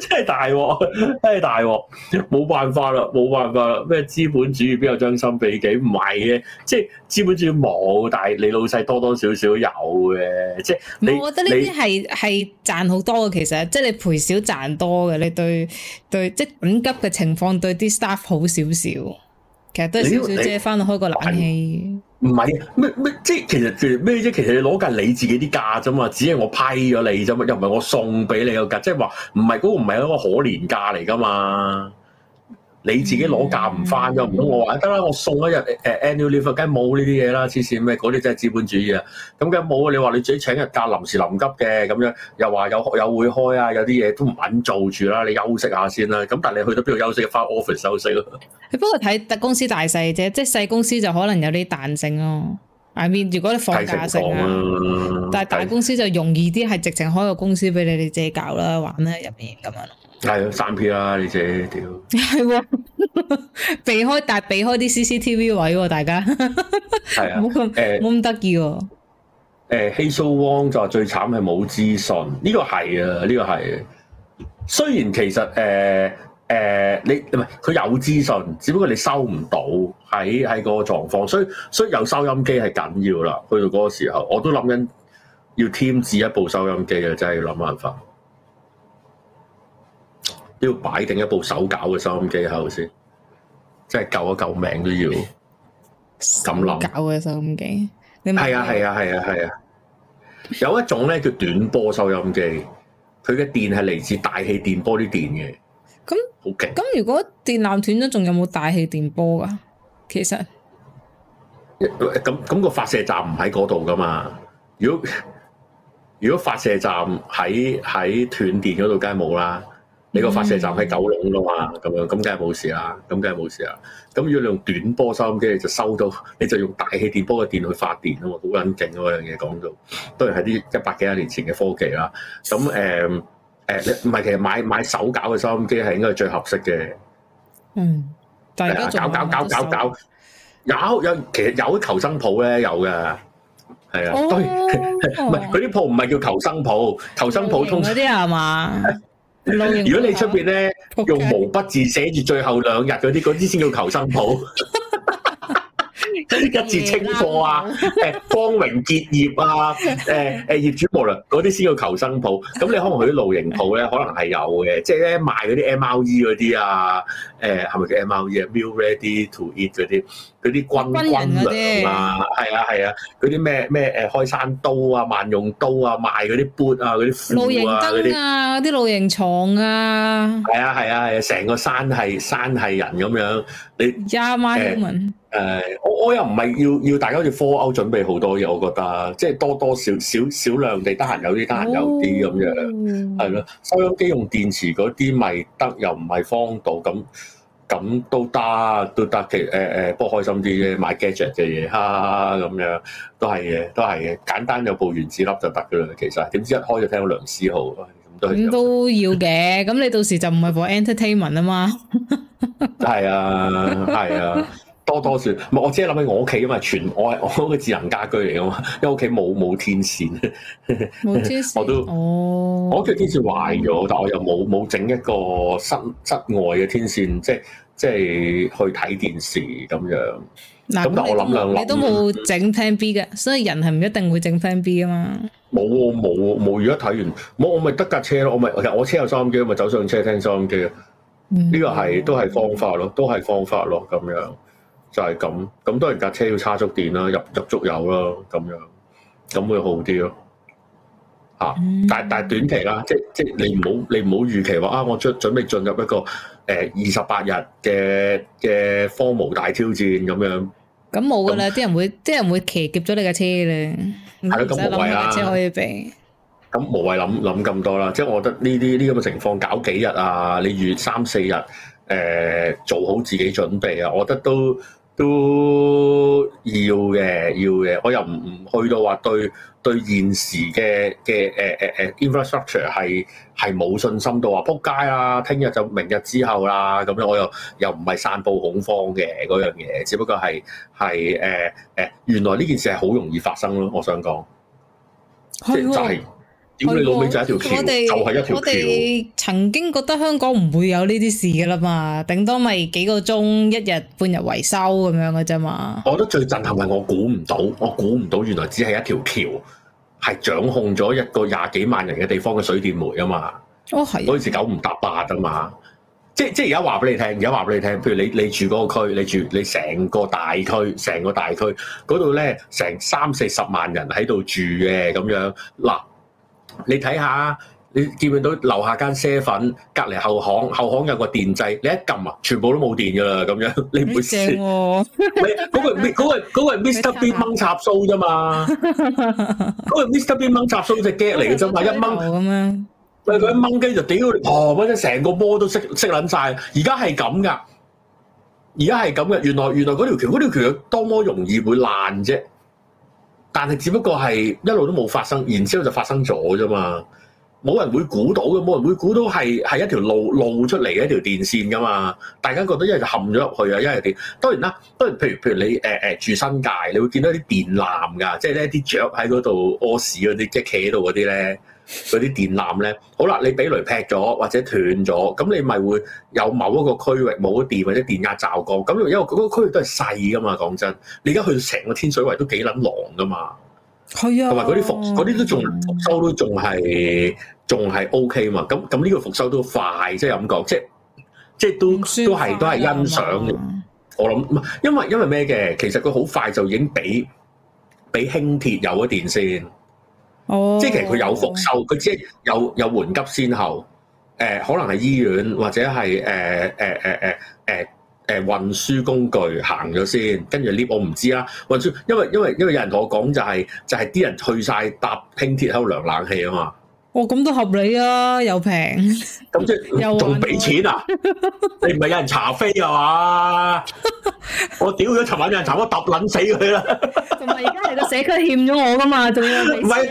真係大鑊，真係大鑊，冇辦法啦，冇辦法啦。咩資本主義邊有將心比己？唔係嘅，即係資本主義冇，但係你老細多多少少有嘅，即係。我覺得呢啲係係賺好多嘅，其實即係、就是、你賠少賺多嘅。你對對，即係緊急嘅情況對啲 staff 好少少。其實都係少少啫，返去開個冷氣。唔係咩咩，即係其實咩啫？其實你攞緊你自己啲價啫嘛，只係我批咗你啫嘛，又唔係我送俾你個價，即係話唔係嗰個唔係一個可憐價嚟噶嘛。你自己攞假唔翻咗，唔通，嗯，嗯，我話得啦？我送一日誒、uh, annual leave，梗係冇呢啲嘢啦！黐線咩？嗰啲真係資本主義啊！咁梗冇啊！你話你自己請日假臨時臨急嘅咁樣，又話有有會開啊，有啲嘢都唔肯做住啦，你休息下先啦。咁但係你去到邊度休息？翻 office 休息咯。不過睇公司大細啫，即係細公司就可能有啲彈性咯，I mean 如果你放假性啊，但係大公司就容易啲，係直情開個公司俾你哋借搞啦，玩啦入面咁樣。係、啊、三 P 啦、啊，你只屌係避開，但係避開啲 CCTV 位，啊，大家係 啊，冇咁得意喎。誒 Hee So Wong 就最慘係冇資訊，呢個係啊，呢、欸這個係，啊這個啊。雖然其實誒誒、欸欸，你唔係佢有資訊，只不過你收唔到喺喺嗰個狀況，所以所以有收音機係緊要啦。去到嗰個時候，我都諗緊要添置一部收音機啊，真係要諗辦法。都要擺定一部手搞嘅收音機，喺度先。即係救一救命都要咁諗。搞嘅收音機，你係啊係啊係啊係啊！有一種咧叫短波收音機，佢嘅電係嚟自大氣電波啲電嘅。咁好勁！咁，如果電纜斷咗，仲有冇大氣電波㗎？其實，咁咁個發射站唔喺嗰度噶嘛？如果如果發射站喺喺斷電嗰度，梗係冇啦。嗯、你個發射站喺九龍啦嘛，咁樣咁梗係冇事啦、啊，咁梗係冇事啦、啊。咁要用短波收音機就收到，你就用大氣電波嘅電去發電啊嘛，好撚勁嗰樣嘢講到，都係喺啲一百幾十年前嘅科技啦。咁誒誒，唔、嗯、係、嗯、其實買買手搞嘅收音機係應該最合適嘅。嗯，但係搞搞，攪攪攪有有，其實有啲求生鋪咧有嘅，係啊，唔係佢啲鋪，唔係叫求生鋪，求生鋪通常啲係嘛？ 如果你出邊咧用毛筆字寫住最後兩日嗰啲，嗰啲先叫求生譜。 一字清貨啊！誒，光榮結業啊！誒誒，業主無論嗰啲先叫求生鋪，咁你可能去啲露營鋪咧，可能係有嘅，即係咧賣嗰啲 MRE 嗰啲啊，誒係咪叫 MRE 啊？Meal ready to eat 嗰啲，嗰啲軍軍糧啊，係啊係啊，嗰啲咩咩誒開山刀啊、萬用刀啊，賣嗰啲 boot 啊、嗰啲褲啊、嗰啲露營燈啊、啲露營床啊，係啊係啊係啊，成個山係山係人咁樣，你。Yeah, my human. 誒、uh,，我我又唔係要要大家好似科歐準備好多嘢，我覺得即係多多少少少量地得閒有啲，得閒有啲咁、oh. 樣，係咯。收音機用電池嗰啲咪得，又唔係方度咁咁都得，都得。其實誒誒，播、欸欸、開心啲啫，買 gadget 嘅嘢哈哈，咁、啊、樣都係嘅，都係嘅。簡單有部原子粒就得嘅啦。其實點知一開就聽到梁思豪，都，那都要嘅。咁你到時就唔係播 entertainment 啊嘛？係 啊，係啊。多多算，唔係我只係諗起我屋企啊嘛，全我係我嗰個智能家居嚟啊嘛，因為屋企冇冇天線，冇 出事 我都哦，我屋企天線壞咗，但我又冇冇整一個室室外嘅天線，即係即係去睇電視咁樣。咁但我諗兩諗，你都冇整 plan B 嘅，所以人係唔一定會整 plan B 啊嘛。冇冇冇，如果睇完，我我咪得架車咯，我咪我,我車有收音機，咪走上車聽收音機啊。呢、嗯這個係都係方法咯，都係方法咯，咁樣。就係咁咁，當然架車要叉足電啦，入入足油啦，咁樣咁會好啲咯嚇。但但短期啦、啊，即即你唔好你唔好預期話啊，我準準備進入一個誒二十八日嘅嘅荒蕪大挑戰咁樣。咁冇噶啦，啲人會啲人，人會騎劫咗你架車咧。係咯，咁唔係啦，車可以避。咁無謂諗諗咁多啦、嗯，即係我覺得呢啲呢咁嘅情況搞幾日啊？你預三四日誒做好自己準備啊，我覺得都。都要嘅，要嘅。我又唔唔去到話對對現時嘅嘅誒誒誒 infrastructure 係係冇信心到話扑街啊聽日就明日之後啦咁樣我又又唔係散布恐慌嘅樣嘢，只不過係係誒誒原來呢件事係好容易發生咯，我想講，即係就係、係就。係點你老尾就係一條橋？就係、是、一條橋。我哋曾經覺得香港唔會有呢啲事噶啦嘛，頂多咪幾個鐘一日半日維修咁樣噶啫嘛。我覺得最震撼係我估唔到，我估唔到原來只係一條橋係掌控咗一個廿幾萬人嘅地方嘅水電煤啊嘛。哦，係陣時九唔搭八啊嘛，即係即係而家話俾你聽，而家話俾你聽，譬如你你住嗰個區，你住你成個大區，成個大區嗰度咧，成三四十萬人喺度住嘅咁樣嗱。你睇下，你見唔見到樓下間瀉粉，隔離後巷，後巷有個電掣，你一撳啊，全部都冇電噶啦，咁樣你唔會輸。正喎、啊， 嗰、那個嗰 Mr. Bean 掹插蘇啫嘛，嗰、 那個 Mr. Bean 掹插蘇隻 get 嚟嘅啫嘛，那個那個、 一掹咁佢一掹機就屌，哇 一掛！即係成個波都熄熄撚晒。而家係咁噶，而家係咁嘅。原來原來嗰條橋嗰條橋多麼容易會爛啫。但係只不過係一路都冇發生，然之後就發生咗啫嘛！冇人會估到嘅，冇人會估到係係一條路露出嚟嘅一條電線噶嘛！大家覺得一係就冚咗入去啊，一係點？當然啦，當然，譬如譬如你誒誒、呃、住新界，你會見到啲電纜㗎，即係呢啲雀喺嗰度屙屎嗰啲，即係企喺度嗰啲咧。那些嗰啲電纜咧，好啦，你俾雷劈咗或者斷咗，咁你咪會有某一個區域冇咗電或者電壓驟降。咁因為嗰個區域都係細噶嘛，講真，你而家去到成個天水圍都幾撚狼噶嘛。係啊，同埋嗰啲復嗰啲都仲復都仲係仲係 O K 嘛。咁咁呢個復修都快，即係咁講，即係即係都都係都係欣賞。我諗唔係，因為因為咩嘅？其實佢好快就已經俾俾輕鐵有咗電先。即係其實佢有復修，佢即係有有緩急先後，呃、可能係醫院或者係誒誒誒誒誒運輸工具行咗先了，跟住 lift 我唔知啦，運輸因為因為因為有人同我講就係、是、就係、是、啲人去晒，搭輕鐵喺度涼冷氣啊嘛～我咁都合理啊，又平，咁即係仲俾錢啊？你唔係有人查飛啊嘛？我屌咗尋晚有人查我揼撚死佢啦！同埋而家係個社區欠咗我噶嘛？仲要唔係？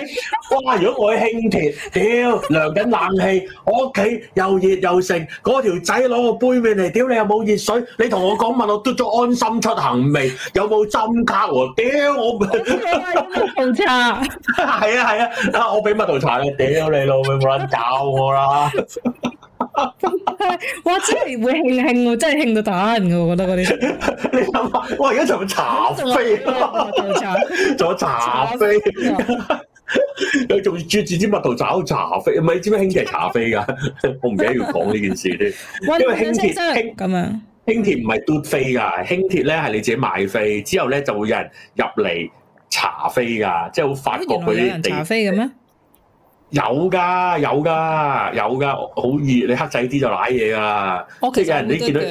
哇！如果我去輕鐵，屌涼緊冷氣，我屋企又熱又剩，嗰條仔攞個杯麵嚟，屌你又冇熱水，你同我講問我嘟咗安心出行未？有冇針卡？屌我乜都係蜜糖茶，係啊係啊，我俾蜜糖茶啦，屌！你老妹冇人搞我啦！我真係會興興，我真係興到蛋噶，我覺得嗰啲。你諗下，我而家就有查飛，仲有查飛，有仲捉住啲蜜桃炒查飛。唔係、啊啊，知唔知輕鐵查飛噶？ 我唔記得要講呢件事添。因為輕鐵輕咁樣、啊，輕鐵唔係嘟飛噶，輕鐵咧係你自己買飛，之後咧就會有人入嚟查飛噶，即係會發覺嗰啲地。有噶，有噶，有噶，好熱，你黑仔啲就攋嘢噶啦。我其實、就是、你見到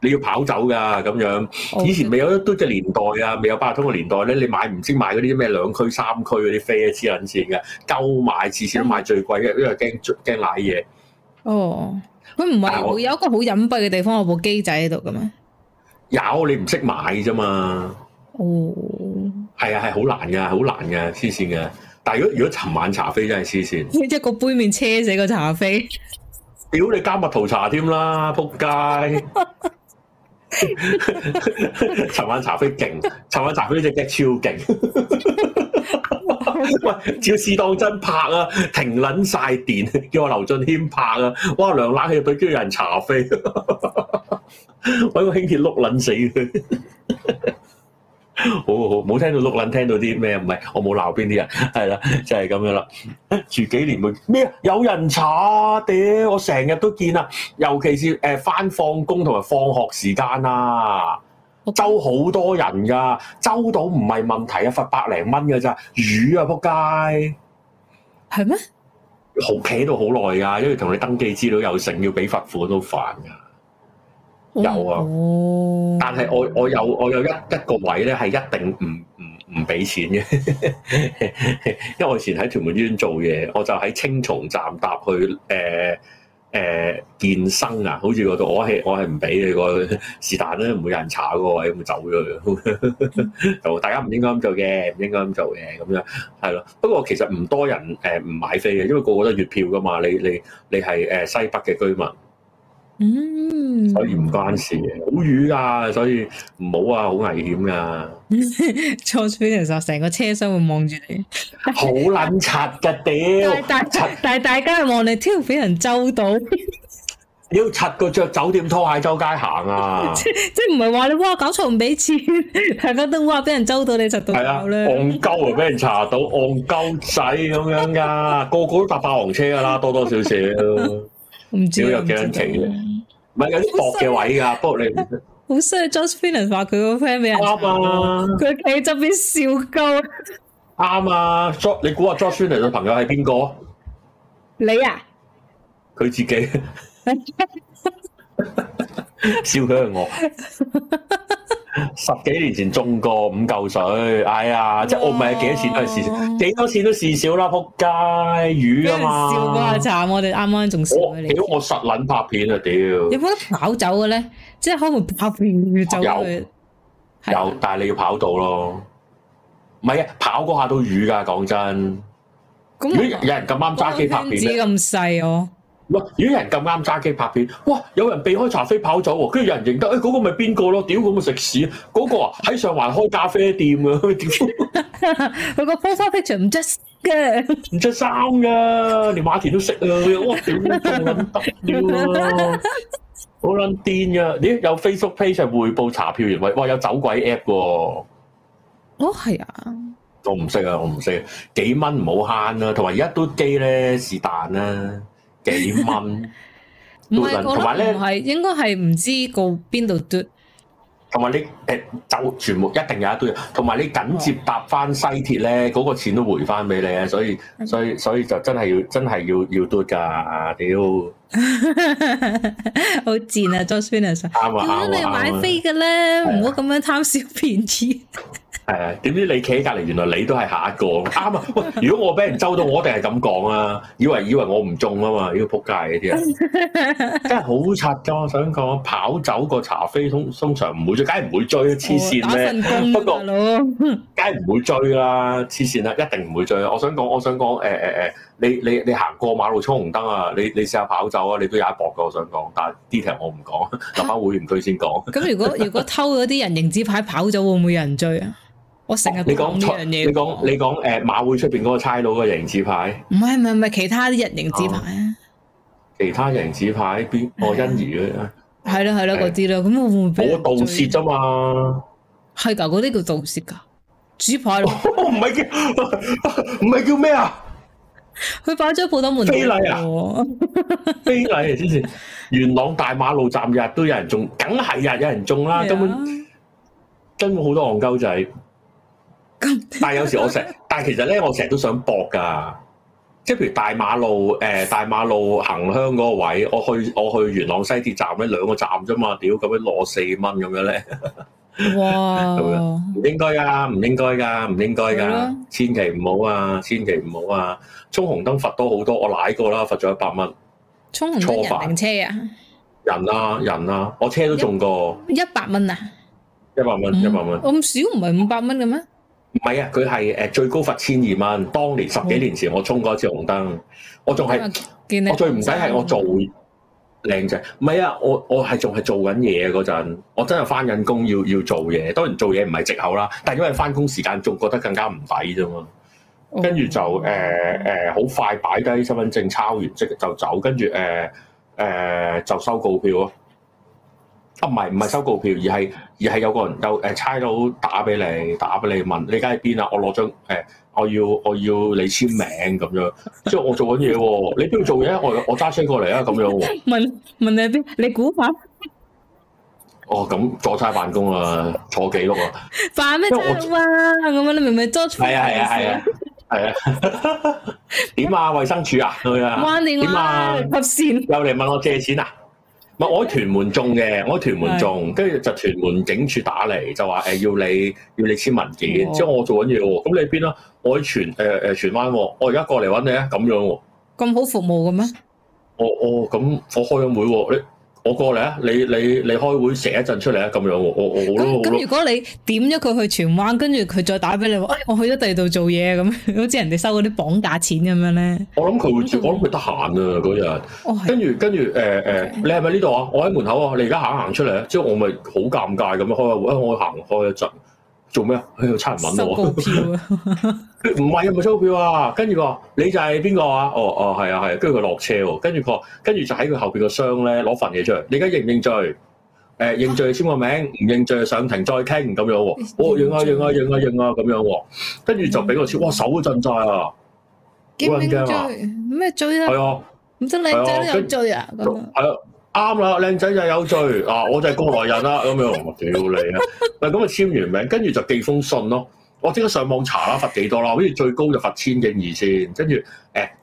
你要跑走噶咁樣。Okay. 以前未有都堆年代啊，未有八達通嘅年代咧，你買唔識買嗰啲咩兩區三區嗰啲飛黐撚線嘅，夠買次次都買最貴嘅，因為驚驚攋嘢。哦，佢唔係會有一個好隱蔽嘅地方有部機仔喺度噶咩？有你唔識買啫嘛。哦、oh.，係啊，係好難嘅，好難嘅黐線嘅。但如果如果尋晚茶飛真係黐線，一個杯面車死個茶飛，屌、哎、你加蜜桃茶添啦，仆街！尋 晚茶飛勁，尋晚茶飛隻隻超勁。 喂，照時當真拍啊，停撚晒電，叫我劉俊謙拍啊！哇，涼冷氣隊中有人茶飛， 我喺度輕鐵碌撚死佢。 好好好，冇聽到碌撚，聽到啲咩？唔係我冇鬧邊啲人，係啦，就係咁樣啦。住幾年會咩？有人查屌，我成日都見啊，尤其是誒翻放工同埋放學時間啊，周好多人噶，周到唔係問題啊，罰百零蚊噶咋？魚啊，仆街！係咩？好企到好耐噶，因為同你登記資料又成，要俾罰款都煩噶。有啊，但係我我有我有一一個位咧，係一定唔唔唔俾錢嘅， 因為我以前喺屯門醫院做嘢，我就喺青松站搭去誒誒、呃呃、健身啊，好似嗰度，我係我係唔俾你個是但啦，唔會有人查個位咁就走咗嘅。就 大家唔應該咁做嘅，唔應該咁做嘅咁樣係咯。不過其實唔多人誒唔買飛嘅，因為個個都月票㗎嘛。你你你係誒西北嘅居民。嗯，所以唔關事，好瘀噶，所以唔好啊，好危險噶。坐車嘅時候，成個車廂會望住你 齊，好卵柒噶屌！但係大家望你，屌俾人捉到，要柒個着酒店拖鞋周街行啊！ 即即唔係話你哇搞錯唔俾錢，係覺得哇俾人捉到你就係啦，戇鳩啊俾人查到戇鳩仔咁樣噶， 個個都搭霸王車噶啦，多多， 多少少，唔知有幾多錢。唔係有啲薄嘅位㗎，不過你好衰，Josh Finan 話佢個 friend 俾人啱啊？佢企側邊笑鳩，啱 啊 Jo 你估下 Josh Finan 嘅朋友係邊個？你啊？佢自己笑佢係我。十幾年前中過五嚿水，哎呀，即係我唔係幾多錢都試少。幾多錢都試少啦，撲街魚啊嘛，笑到阿慘，我哋啱啱仲笑過你，屌我實撚拍片啊屌，有冇得跑走嘅咧？即係可能拍片走佢，有，但係你要跑到咯，唔係啊，跑嗰下都魚噶，講真，咁有人咁啱揸機拍片咧，咁細哦。喂，哇！咦？人咁啱揸機拍片，哇！有人避開茶飛跑走喎，跟住有人認得，哎嗰、那個咪邊個咯？屌，咁嘅食屎！嗰、那個啊，喺上環開咖啡店啊！屌，佢個 photosphere 唔出嘅，唔出衫噶，連馬田都識啊！我屌，好撚得，好癲噶！咦？有 Facebook page 係回報查票員喂，哇！有走鬼 app 喎、啊，哦係啊，我唔識啊，我唔識，幾蚊唔好慳啊？同埋而家都機咧是但啦。幾蚊？唔係，同埋咧，係應該係唔知個邊度嘟。同埋你誒就全部一定有一堆。同埋你緊接搭翻西鐵咧，嗰、哦嗰個錢都回翻俾你啊！所以所以所以就真係要真係要要嘟噶屌！你 好賤啊，John Smith！如果你買飛嘅咧，唔好咁樣貪小便宜。 係啊，點知你企喺隔籬，原來你都係下一個，啱啊！喂，如果我俾人揪到我，我一定係咁講啊！以為以為我唔中啊嘛，呢個仆街啲人，真係好柒噶！我想講，跑走個茶飛通通常唔會追，梗係唔會追啦，黐線咩？不過，梗係唔會追啦，黐線啦，一定唔會追。我想講，我想講，誒誒誒。呃你你你行過馬路衝紅燈啊？你你試下跑走啊？你都有一搏噶，我想講，但係 detail 我唔講，留翻會員區先講。咁、啊、如果如果偷咗啲人形紙牌跑走，跑會唔會有人追啊？我成日你講呢樣嘢，你講你講誒、呃，馬會出邊嗰個差佬嘅形紙牌，唔係唔係唔係其他啲人形紙牌啊？其他形紙牌邊個欣怡嗰啲、 嗯、 啊？係咯係咯，嗰啲咯。咁我會唔會我盜竊啫嘛？係噶，嗰啲叫盜竊噶紙牌，唔係唔係叫咩啊？佢擺咗鋪喺門頭，非禮啊！ 非禮，之前元朗大馬路站日都有人中，梗係日有人中啦，根本根本好多戇鳩仔。但係有時我成，但係其實咧，我成日都想搏噶，即係譬如大馬路誒、呃，大馬路行鄉嗰個位，我去我去元朗西鐵站咧，兩個站啫嘛，屌咁樣攞四蚊咁樣咧。哇！唔 應該㗎，唔應該㗎，唔應該㗎，千祈唔好啊，千祈唔好啊！衝紅燈罰多好多，我瀨過啦，罰咗一百蚊。衝紅燈人定車啊？人啊，人啊，我車都中過。一百蚊啊！一百蚊，一百蚊。咁、嗯、少唔係五百蚊嘅咩？唔係啊，佢係誒最高罰千二蚊。當年十幾年前我衝過一次紅燈，嗯、我仲係我最唔使係我做。靚仔，唔係啊！我我係仲係做緊嘢嗰陣，我真係翻緊工要要做嘢。當然做嘢唔係藉口啦，但係因為翻工時間仲覺得更加唔抵啫嘛。跟住就誒誒好快擺低身份證，抄完即就走。跟住誒誒，就收告票。唔係唔係收告票，而係而係有個人就誒差佬打俾你，打俾你問你而家喺邊啊？我攞張誒，我要我要你簽名咁樣，即係我做緊嘢。你邊度做嘢？我我揸車過嚟啊，咁樣。問問你邊？你估法？哦，咁坐差辦公 什麼我 我啊，坐幾碌啊？辦咩差啊？咁啊，你明明多錯係啊係啊係啊係啊？點啊？衛生署啊？點啊？點啊？搣線、啊、又嚟問我借錢啊？唔係我喺屯門種嘅，我喺屯門種，跟住就屯門警署打嚟，就話誒、欸、要你要你簽文件，即、哦、係、就是、我做緊嘢喎。咁你喺邊啦？我喺荃誒誒荃灣喎、啊。我而家過嚟搵你啊，咁樣喎、啊。咁好服務嘅咩？哦哦，咁我開緊會喎、啊，你。我過嚟啊！你你你開會食一陣出嚟啊！咁樣我我好咯。咁咁如果你點咗佢去荃灣，跟住佢再打俾你話，哎，我去咗第二度做嘢咁，好似人哋收嗰啲綁架錢咁樣咧。我諗佢會、就是、我諗佢得閒啊嗰日。哦，跟住跟住誒誒，你係咪呢度啊？我喺門口啊，你而家行行出嚟啊。之後我咪好尷尬咁樣開下會，我行開一陣。做咩？喺度差唔揾我？收唔係有冇收票啊！跟住佢話你就係邊個啊？哦哦，係啊係啊，跟住佢落車，跟住佢話跟住就喺佢後邊個箱咧攞份嘢出嚟。你而家認唔認罪？誒、呃，認罪簽個名，唔、啊、認罪上庭再傾咁樣。哦，認啊認啊認啊認啊咁樣。跟住就俾個簽，哇手都震晒啦。認唔認罪？咩、啊、罪啊？係啊，唔得靚仔都有罪啊？係啊。啱啦，靚仔就有罪啊！我就係過來人啦，咁樣。我屌你啊！咪咁啊，簽完名，跟住就寄封信咯。我即刻上網查啦，罰幾多啦？好似最高就罰千幾二千，跟住誒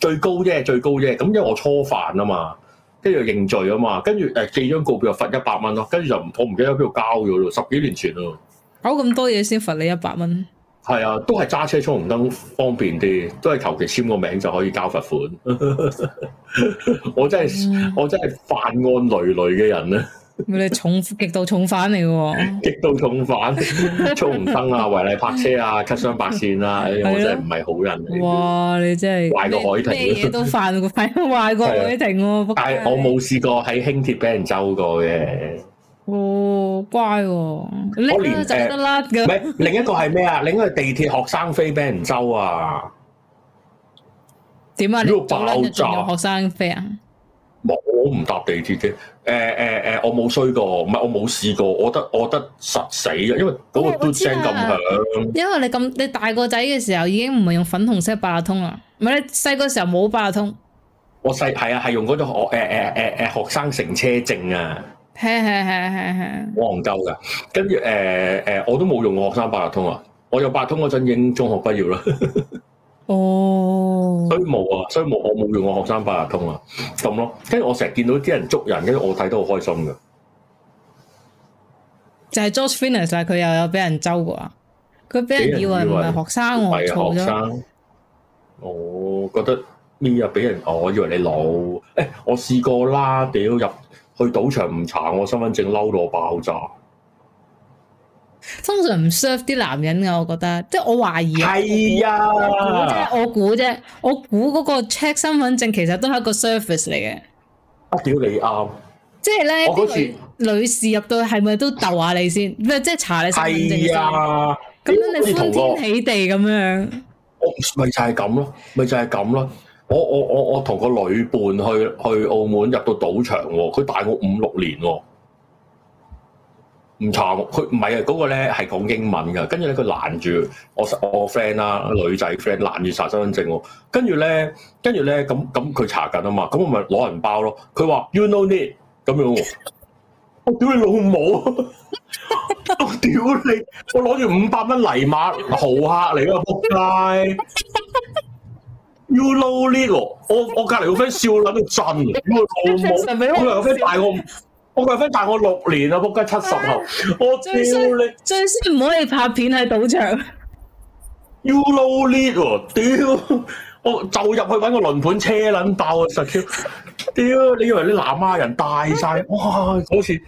最高啫，最高啫。咁因為我初犯啊嘛，跟住認罪啊嘛，跟住誒寄張告票就罰一百蚊咯。跟住就唔我唔記得喺邊度交咗咯，十幾年前咯。搞咁多嘢先罰你一百蚊。係啊，都係揸車衝紅燈方便啲，都係求其簽個名就可以交罰款。 我真係、嗯、我真係犯案累累嘅人啊，你重極度重犯嚟嘅喎，極度重犯，衝紅燈啊，違 例泊車啊，踩雙白線啊，係啊，哎、我真係唔係好人嚟。哇！你真係壞過海平，咩嘢都犯喎，係壞過海平喎、啊。但係我冇試過喺輕鐵俾人捉過嘅。哦，乖哦，拎個仔得甩㗎，唔係另一個係咩啊？另一個， 另一個地鐵學生飛俾人收啊？點啊？呢個爆炸學生飛啊？冇、呃呃呃，我唔搭地鐵嘅。誒誒誒，我冇衰過，唔係我冇試過，我得我得，我得實死啊！因為嗰個嘟聲咁響。因為你咁，你大個仔嘅時候已經唔係用粉紅色八達通啊。唔係你細個時候冇八達通。我細係啊，係用嗰種學誒誒誒誒學生乘車證啊。係係係係係，好憨鳩噶。跟、呃、住，誒、呃、誒，我都冇用過學生八達通啊。我用八達通嗰陣已經中學畢業啦。哦、 oh.，所以冇啊，所以冇，我冇用過學生八達通啊。咁咯。跟住我成日見到啲人捉人，跟住我睇都好開心噶。就係、是、George Finnis 啦，佢又有俾人揪過啊。佢俾人以為唔係學，學生，我錯生。我覺得呢日俾人，我以為你老。誒、哎，我試過啦，屌入。去賭場唔查我身份證，嬲到我爆炸。通常唔 serve 啲男人噶，我覺得，即係我懷疑。係啊！即係我估啫，我估嗰個 check 身份證其實都係一個 service 嚟嘅。啊，屌你啱！即係咧，女士入到係咪都逗下你先？唔即係查你身份證？係呀，咁樣你歡天喜地咁樣。咪就係咁咯，咪就係咁咯。我我我我同個女伴去去澳門入到賭場喎，佢大我五六年喎，唔查佢，唔係啊，嗰個咧係講英文噶，跟住咧佢攔住我我 friend 啦，女仔 friend 攔住查身份證喎，跟住咧跟住咧咁咁佢查緊啊嘛，咁我咪攞銀包咯，佢話 you know need 咁樣喎， 我屌你老母， 我屌你，我攞住五百蚊泥馬豪客嚟啊，撲街！不要撈呢個，我我隔籬個 friend 笑捻到震，我冇，我隔籬個 friend 大我，我隔籬個 friend 大 我大六年啊，仆街七十後， 我屌你，最先唔可以拍片喺賭場。要撈呢個，屌，我就入去搵個輪盤車輪爆啊，實 Q，屌 你以為啲南丫人大晒， 哇，好似～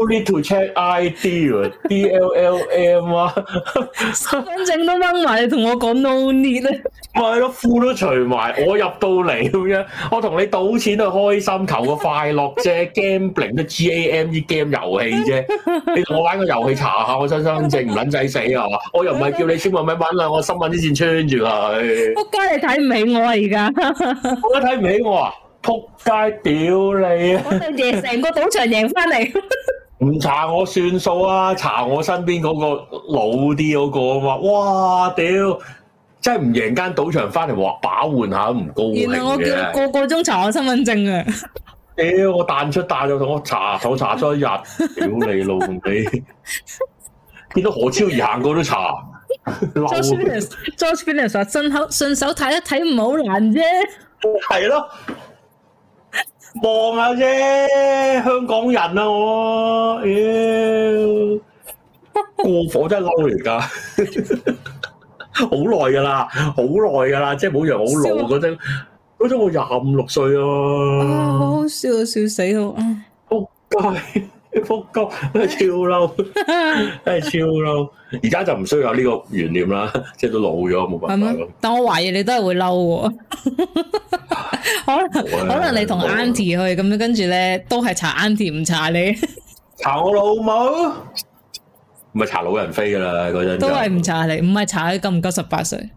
no need to check ID 喎 DLLM 啊，身份證都掹埋，你同我講 no need 咧，咪咯，褲都除埋，我入到嚟咁樣，我同你賭錢都開心，求個快樂啫 gambling 都 G A M 啲 game 遊戲啫，你同我玩個遊戲查下我身身份證，唔撚使死啊嘛，我又唔係叫你識問咩問啦，我新聞之前穿住佢，仆街你睇唔起我啊而家，我睇唔起我啊，仆街屌你啊，我贏成個賭場贏翻嚟。唔查我算數啊！查我身邊嗰個老啲嗰個啊嘛。哇屌！真係唔贏間賭場翻嚟話擺換下都唔高，原來我叫個個鐘查我身份證啊！屌我彈出彈咗同我查，手查咗一日，屌你老母你！見到何超儀行過都查。莊 先生了，莊先生話順手順手睇一睇唔好難啫，係 咯。望下啫，香港人啊，我，妖過火真係嬲嚟噶，好耐噶啦，好耐噶啦，即係冇樣好老嗰種，嗰種我廿五六歲咯，啊，好好笑，笑好啊，笑死我，仆街。腹谷，真係超嬲，真係超嬲。而家就唔需要有呢個概念啦，即係都老咗，冇辦法。但係我懷疑你都係會嬲喎，可能可能你同 auntie 去咁樣，跟住咧都係查 auntie 唔查你，查我老母，唔係查老人飛㗎啦嗰陣。都係唔查你，唔係查你夠唔夠十八歲。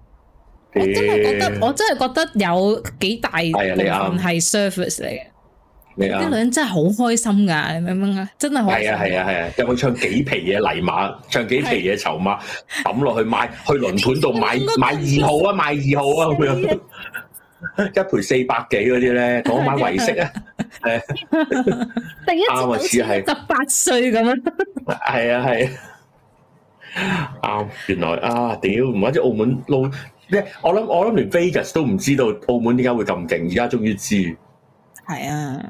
我真係覺得，我真係覺得有幾大部分係 surface 嚟嘅。啲、啊、女人真係好開心噶，你明唔明啊？真係好開心㗎。係啊，係啊，係啊，有冇唱幾皮嘢泥馬，唱幾皮嘢籌碼抌落去買，去輪盤度買買二號啊，買二號啊，咁樣一賠四百幾嗰啲咧，嗰晚維色啊，誒、啊啊啊，第一次好似十八歲咁樣。係啊，係啊，啱、啊啊啊啊，原來啊，屌唔怪知澳門撈咩？我諗我諗連 Vegas 都唔知道澳門點解會咁勁，而家終於知係啊。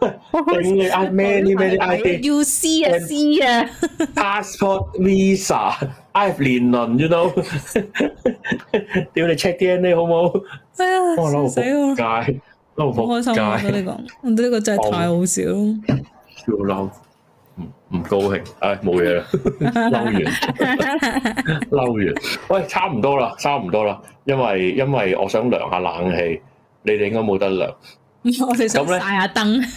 喂， 好死啊！Many many ID，U C 啊 C 啊，passport visa，I have 年輪，you know，屌 你 check DNA 好唔好？哎呀，哦、死我，唔開心啊！你講，我、這、呢、個這個真係太好笑，超、哦、嬲，唔唔高興，唉、哎，冇嘢啦，嬲 完，嬲完，喂，差唔多啦，差唔多啦，因為因為我想涼下冷氣，你哋應該冇得涼。 我哋想曬下燈。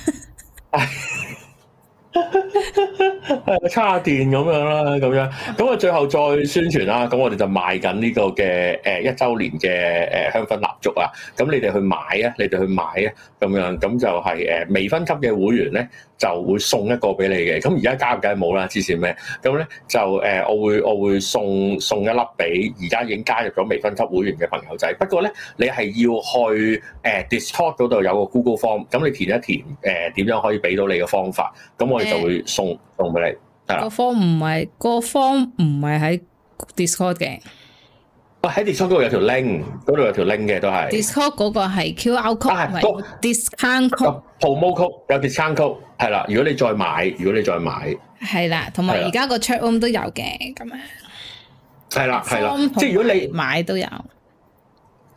係個叉電咁樣啦，咁樣咁啊，最後再宣傳啦。咁我哋就賣緊呢個嘅誒一周年嘅誒香薰蠟燭啊。咁你哋去買啊，你哋去買啊，咁樣咁就係誒未分級嘅會員咧，就會送一個俾你嘅。咁而家加入梗係冇啦，支持咩？咁咧就誒我會我會送送一粒俾而家已經加入咗未分級會員嘅朋友仔。不過咧，你係要去誒 Discord 嗰度有個 Google Form，咁你填一填誒點樣可以俾到你嘅方法？咁我。 就會送送俾你。嗰個方唔係、嗰個方唔係喺 Discord 嘅。我喺 Discord 嗰度有條 link，嗰度有條 link 嘅都係。Discord 嗰個係 QR code。係 discount code，promo code 有 discount code 係啦。如果你再買，如果你再買，係啦，同埋而家個 check room 都有嘅咁樣。係啦係啦，即係如果你買都有。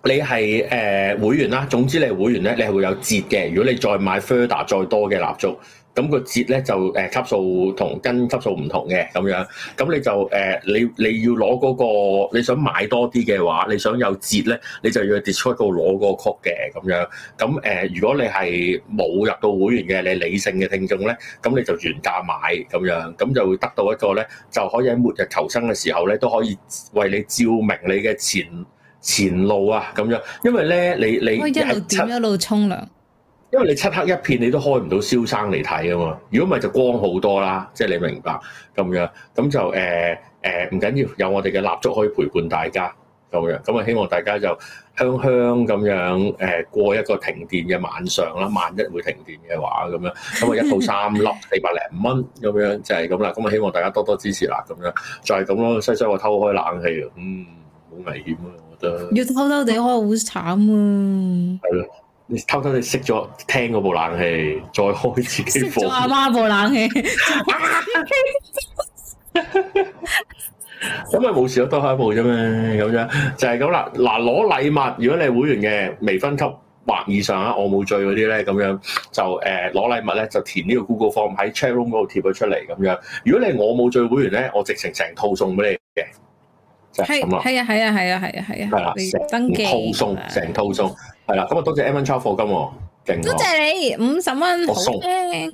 你係誒、呃、會員啦，總之你係會員咧，你係會有折嘅。如果你再買 further 再多嘅蠟燭。咁、那個折咧就誒、呃、級數同跟，跟級數唔同嘅咁樣，咁你就誒、呃、你你要攞嗰、那個你想買多啲嘅話，你想有折咧，你就要 Discord 到攞個 code 嘅咁樣。咁誒、呃，如果你係冇入到會員嘅你理性嘅聽眾咧，咁你就原價買咁樣，咁就會得到一個咧，就可以喺末日求生嘅時候咧都可以為你照明你嘅前前路啊咁樣。因為咧你你一路點一路沖涼。因為你漆黑一片，你都開唔到燒生嚟睇啊嘛！如果唔係就光好多啦，即係你明白咁樣，咁就誒誒唔緊要，有我哋嘅蠟燭可以陪伴大家咁樣，咁啊希望大家就香香咁樣誒過一個停電嘅晚上啦。萬一會停電嘅話咁樣，咁啊一套三粒四百零蚊咁樣就係咁啦。咁啊希望大家多多支持啦咁樣，就係咁咯。西西我偷開冷氣，嗯，好危險啊！我覺得要偷偷地開好慘啊！係咯。你偷偷哋熄咗廳嗰部冷氣，再開自己房。熄咗阿媽部冷氣。咁咪冇事咯，多開一部啫嘛。咁、就是、樣就係咁啦。嗱，攞禮物，如果你係會員嘅，微醺級或以上啊，我冇醉嗰啲咧，咁樣就誒攞禮物咧，就填呢個 Google Form 喺 Chat Room 嗰度貼咗出嚟咁樣。如果你係我冇醉會員咧，我直情成套送俾你嘅。係係啊係啊係啊係啊係啊！係 啦，登 記，套送，成套送。係啦，咁啊多謝 M 文抽貨金，勁多謝你五十蚊，好咧，啊，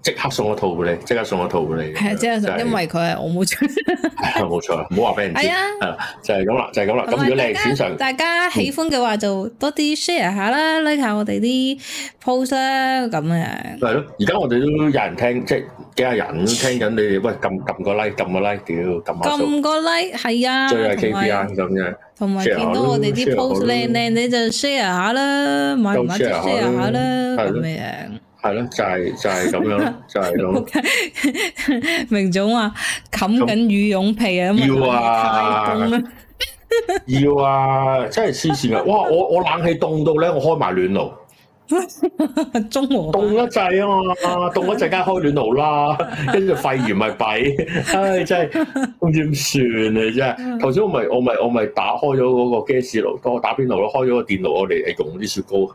即刻送一套俾你，即刻送一套俾你，係即係，因為佢我冇錯，冇錯啦，唔好話俾人知啊，就係咁啦，就係咁啦，咁、就是、如果你係線上大，大家喜歡嘅話就多啲 share 下啦，嗯、，like 下我哋啲 post 啦，咁樣係咯，而家我哋都有人聽即係。就是幾多人聽緊你哋，喂，撳撳個 like，撳個 like，屌，撳下數。撳個 like 係啊，同埋，追下 KPI 咁樣。同埋見到我哋啲 post 靚靚，你就 share 下啦，買唔買就 share 下啦，咁樣。係咯，就係就係咁樣，就係咁。明總啊，冚緊羽絨被啊，咁啊太凍啦。要啊，真係黐線啊！哇，我我冷氣凍到咧，我開埋暖爐。 中午凍一滯啊嘛，凍一滯梗係開暖爐啦，跟住肺炎咪弊，唉、哎、真係咁點算你真係。頭先我咪我咪我咪打開咗嗰個 gas 爐，當打邊爐咯，開咗個電爐我哋嚟融啲雪糕，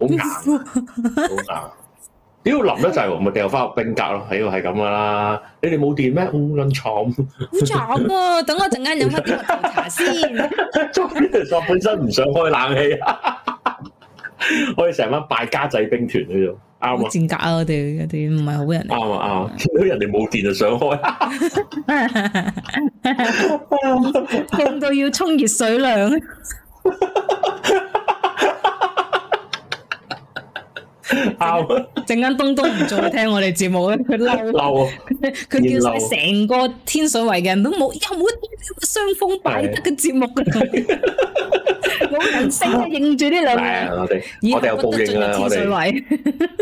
好硬好硬。屌淋一滯，咪掉翻個冰格咯，喺度係咁噶啦。你哋冇電咩？好撚慘，好慘啊！等我陣間飲翻啲紅茶先。 中其實本身唔想開冷氣。 可以成班敗家仔兵團喺度，啱啊！賤格啊，我哋啲唔係好人，啱啊啱。見到人哋冇電就想開，聽到要沖熱水涼，啱。陣間東東唔再聽我哋節目咧，佢嬲嬲啊！佢叫晒成個天水圍嘅人都冇，有冇傷風敗德嘅節目啊？冇人性啊！啊應住呢兩係我哋 我哋有報應啊！我哋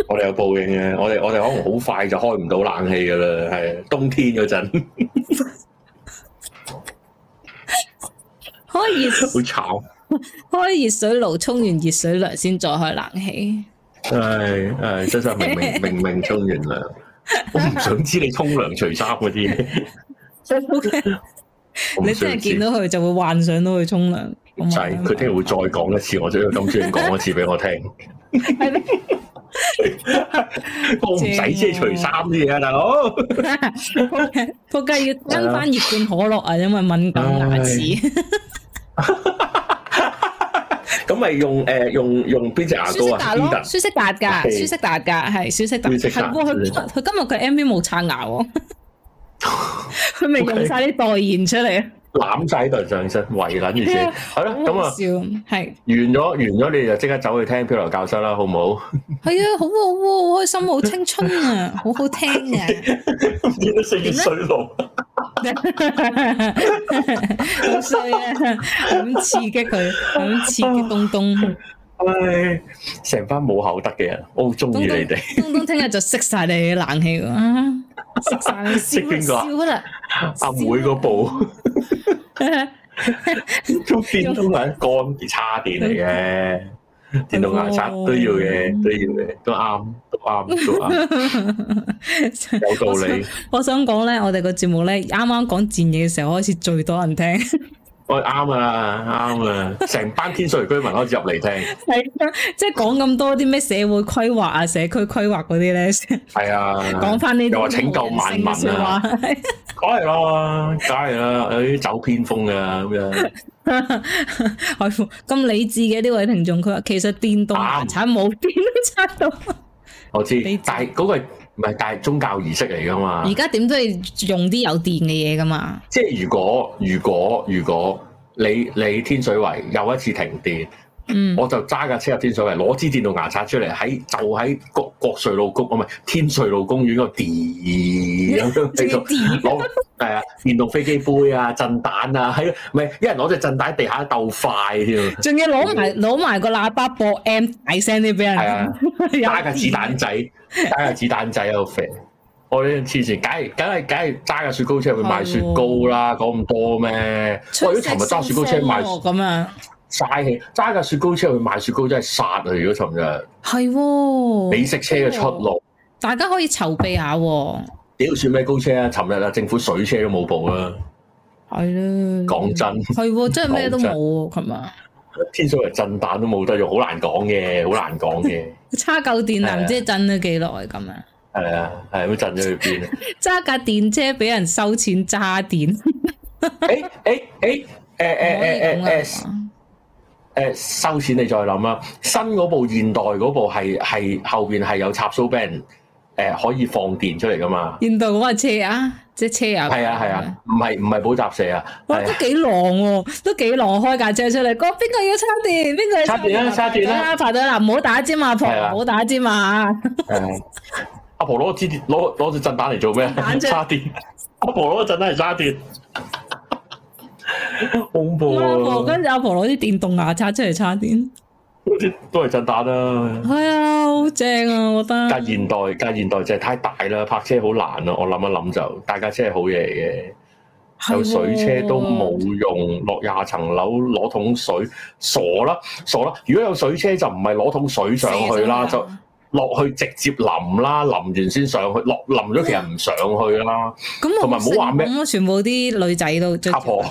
我哋有報應嘅。我哋我哋可能好快就開唔到冷氣噶啦，係冬天嗰陣 開熱水好吵。 開熱水爐沖完熱水涼先再開冷氣，係 係、哎哎、真真明明明明沖完涼， 我唔想知你沖涼除衫嗰啲， 你真係見到佢就會幻想到去沖涼。唔使，佢聽日會再講一次，我就要咁锺意講一次俾我聽。 是的 我唔使即係除衫啲嘢啊，大佬。仆街 要跟翻熱罐可樂啊，因為敏感牙齒。咁咪 用誒、呃、用用邊隻牙膏啊？舒適達咯，舒適達噶，舒適達噶係舒適達。係喎，佢今日佢 M V 冇刷牙喎、啊，佢 咪用晒啲代言出嚟。Okay. 攬晒喺度上身，圍捻住先，係咯咁啊，笑。係完咗，完咗，完你哋就即刻走去聽漂流教室啦，好唔好？係啊，好啊，好啊，好開心，好青春啊，好好聽嘅，變咗四歲佬，好衰啊！咁 麼呢、 啊、刺激佢，咁刺激東東，唉、哎，成班冇口德嘅人，我好中意你哋。東東聽日就熄晒你嘅冷氣，啊！熄晒熄你笑啦、啊，阿妹嗰部。做電動牙膏，而叉電嚟嘅， 電動牙刷都要嘅，都要嘅，都啱，都啱，都啱。都 有道理。我想講咧，我哋個節目咧，啱啱講戰嘢嘅時候開始，最多人聽。 啱、哦、啊，啱啊，成 班天水圍居民可以入嚟聽。係、 啊、即係講咁多啲咩社會規劃啊，社區規劃嗰啲咧。係 啊，講翻呢啲，又話拯救萬民啊，梗係啦，梗係啦，有啲走偏鋒噶咁樣。海富咁理智嘅呢位聽眾，佢話其實電動房冇電都拆到。我知，但係嗰個。唔係，但係宗教儀式嚟㗎嘛？而家點都係用啲有電嘅嘢㗎嘛？即係如果如果如果你你天水圍又一次停電？嗯、我就揸架車入天水圍，攞支電動牙刷出嚟喺就喺國國瑞路谷唔係天瑞路公園嗰度，跌咁攞係啊，電動飛機杯啊，震蛋啊，喺唔係一人攞隻震蛋地下鬥快添。仲要攞埋攞埋個喇叭播 M 大聲啲俾人。係啊，揸架 子彈仔，揸架子彈仔喺度飛，我哋黐線，梗係梗係梗係揸架雪糕車去賣雪糕啦，講咁多咩？我、哎、如果尋日揸雪糕車賣咁啊？嘥氣揸架雪糕車去賣雪糕真係殺啊！如果尋日係，美食車嘅出路，哦，大家可以籌備下、哦。屌算咩糕車啊！尋日啊，政府水車都冇部啦，係啦。講真係，真係咩都冇琴日天水圍震蛋都冇得用，好難講嘅，好難講嘅。差 夠電啦，唔知震咗幾耐咁啊？係啊，係咁、啊啊、震咗去邊揸架電車俾人收錢揸電、 欸？誒誒誒誒誒誒誒，收錢你再諗啦。新嗰部現代嗰部係係後邊係有插蘇 ban 誒，可以放電出嚟噶嘛？現代嗰個車啊，即係車，車係啊，係啊。係啊係啊，唔係唔係補習社啊。哇，哎、都幾狼喎、啊，都幾狼開架車出嚟。講邊個要插電？邊個要插電，插電啊，插電咧、啊啊！排隊嗱、啊，唔好打尖嘛、啊，阿婆唔好打尖嘛、啊。阿婆攞支攞攞隻震蛋嚟做咩？插電。 阿婆攞個震蛋嚟揸電。恐怖，跟住阿婆攞啲電動牙刷出嚟叉電，嗰啲都係震蛋啊！係啊，好正啊，我覺得。隔、啊、現代，隔現代就太大啦，泊車好難啊！我諗一諗就大架車係好嘢嘅，有水車都冇用，落廿層樓攞桶水，傻啦，傻啦！如果有水車就唔係攞桶水上去啦，了啊、就落去直接淋啦，淋完先上去，落淋咗其實唔上去啦。咁同埋唔好話咩，全部啲女仔都阿婆，婆。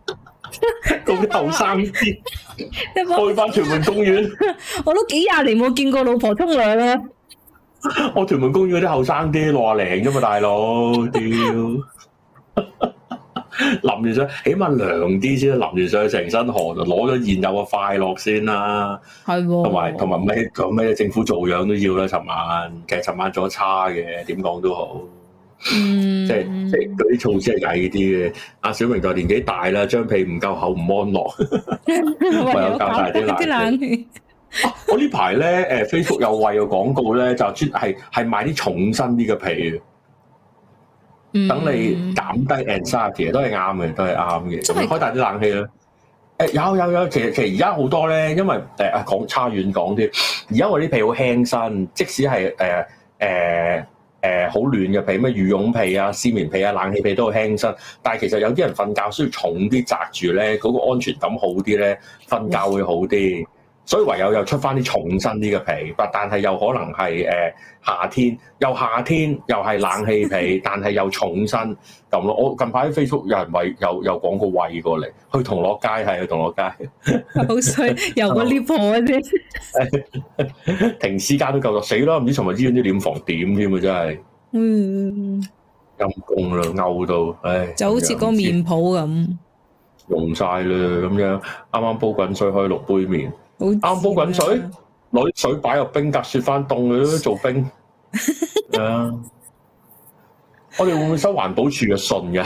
咁啲後生啲，去翻屯門公園，我都幾廿年冇見過老婆沖涼啦。我屯門公園啲後生啲，六廿零啫嘛，大佬，屌！ 淋完水起碼涼啲先，啊，淋完水成身汗，就攞咗現有嘅快樂先啦。係，同埋同埋咩講咩？政府做樣都要啦。尋晚其實尋晚做得差嘅，點講都好。嗯，即係即係啲措施係矮啲嘅。阿小明就年紀大啦，張被唔夠厚，唔安樂 、啊，我 有較大啲冷氣。我呢排咧，誒，Facebook 有喂嘅廣告咧，就專係係買啲重身啲嘅被。等你減低 and 其實，都係啱嘅，都係啱嘅。咁開大啲冷氣啦。誒，有有有，其實其實而家好多咧，因為誒啊，講、呃、差遠講啲。而家我啲被好輕身，即使係誒誒。呃呃誒、呃、好暖嘅被，咩羽絨被啊、絲綿被啊、冷氣被都會輕身，但係其實有啲人瞓覺需要重啲擲住咧，嗰、那個安全感好啲咧，瞓覺會好啲。所以唯有又出翻啲重身啲嘅皮，但但係又可能係誒夏天，又夏天又係冷氣皮， 但係又重身。我近排 Facebook 有人為又又講個胃過嚟去銅鑼街，係去銅鑼街，好衰，由個裂破啫。停屍間都夠咗，死啦！唔知陳慧芝唔知殮房點添啊，真係。嗯，陰功啦，漚到，唉，就好似個麵鋪咁，用晒啦咁樣，啱啱煲滾水可以六杯麵。啱煲滾水，攞啲水擺入冰格，雪翻凍佢做冰，啊 Yeah .！ 我哋會唔會收環保署嘅信㗎？誒、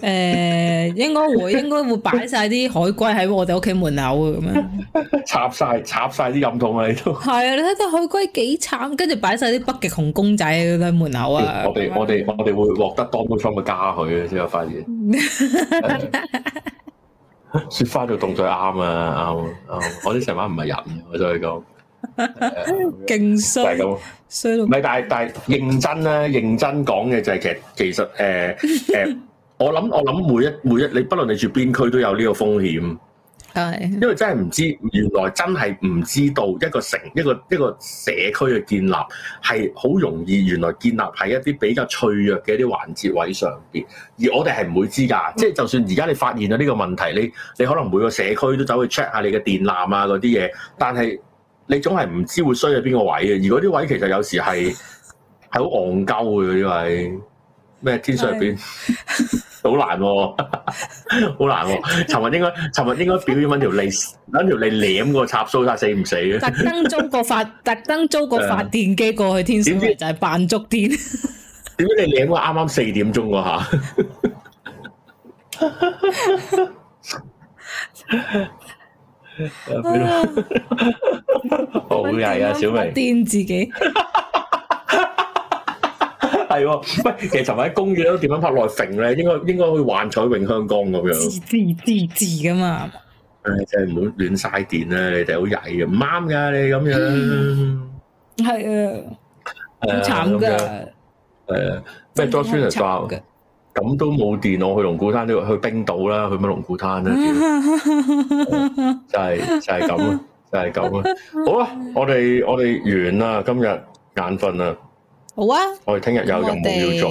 欸，應該會，應該會擺晒啲海龜喺我哋屋企門口啊！插晒插曬啲飲筒喺度，係啊！你睇啲海龜幾慘，跟住擺晒啲北極熊公仔喺門口啊！我哋我哋我哋會獲得多啲分嘅加佢之後發現。這個雪花就動作啱啊，啱 啱， 我啲成晚唔係人，我再講，勁 衰，衰到，唔係，但係 但係認真咧、啊，認真講嘅就係其實其實誒誒、uh, uh, 我諗我諗每一每一，你不論你住邊區都有呢個風險。因為真係唔知，原來真係唔知道一個城一個一個社區嘅建立係好容易，原來建立喺一啲比較脆弱嘅一啲環節位上邊，而我哋係唔會知噶，即係就算而家你發現咗呢個問題，你你可能每個社區都走去 check 下你嘅電纜啊嗰啲嘢，但係你總係唔知會衰喺邊個位嘅，而嗰啲位其實有時係係好戇鳩嘅嗰啲位，咩天水圍？ 好 難、啊，好難。尋日應該，尋日應該表演揾條脷，揾條脷舐個插蘇殺死唔死嘅。特登租個發，特登租個發電機過去天水圍，就係扮足癲。剛剛點解你舐我啱啱四點鐘嗰下？ 啊、 好人啊，小明，電自己。係 喎，其實尋晚喺公寓都電拍落內揈咧，應該應該去幻彩詠香江咁樣。自自自自噶嘛，誒真係唔好亂晒電啊！你哋好曳啊，唔啱噶你咁樣，嗯嗯嗯、樣，係、嗯、啊，好慘噶，誒咩多專業 job 嘅，咁都冇電咯。去龍鼓灘都去冰島啦，去乜龍鼓灘咧、 哦？就係就係咁啊，就係咁啊。好啊，我哋我哋完啦，今日眼瞓啦。好啊，我哋聽日有任務要做，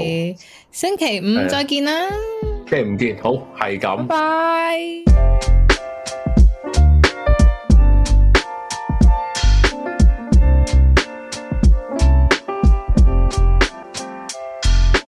星期五再見啦，星期五見，好，係咁，拜。Bye bye。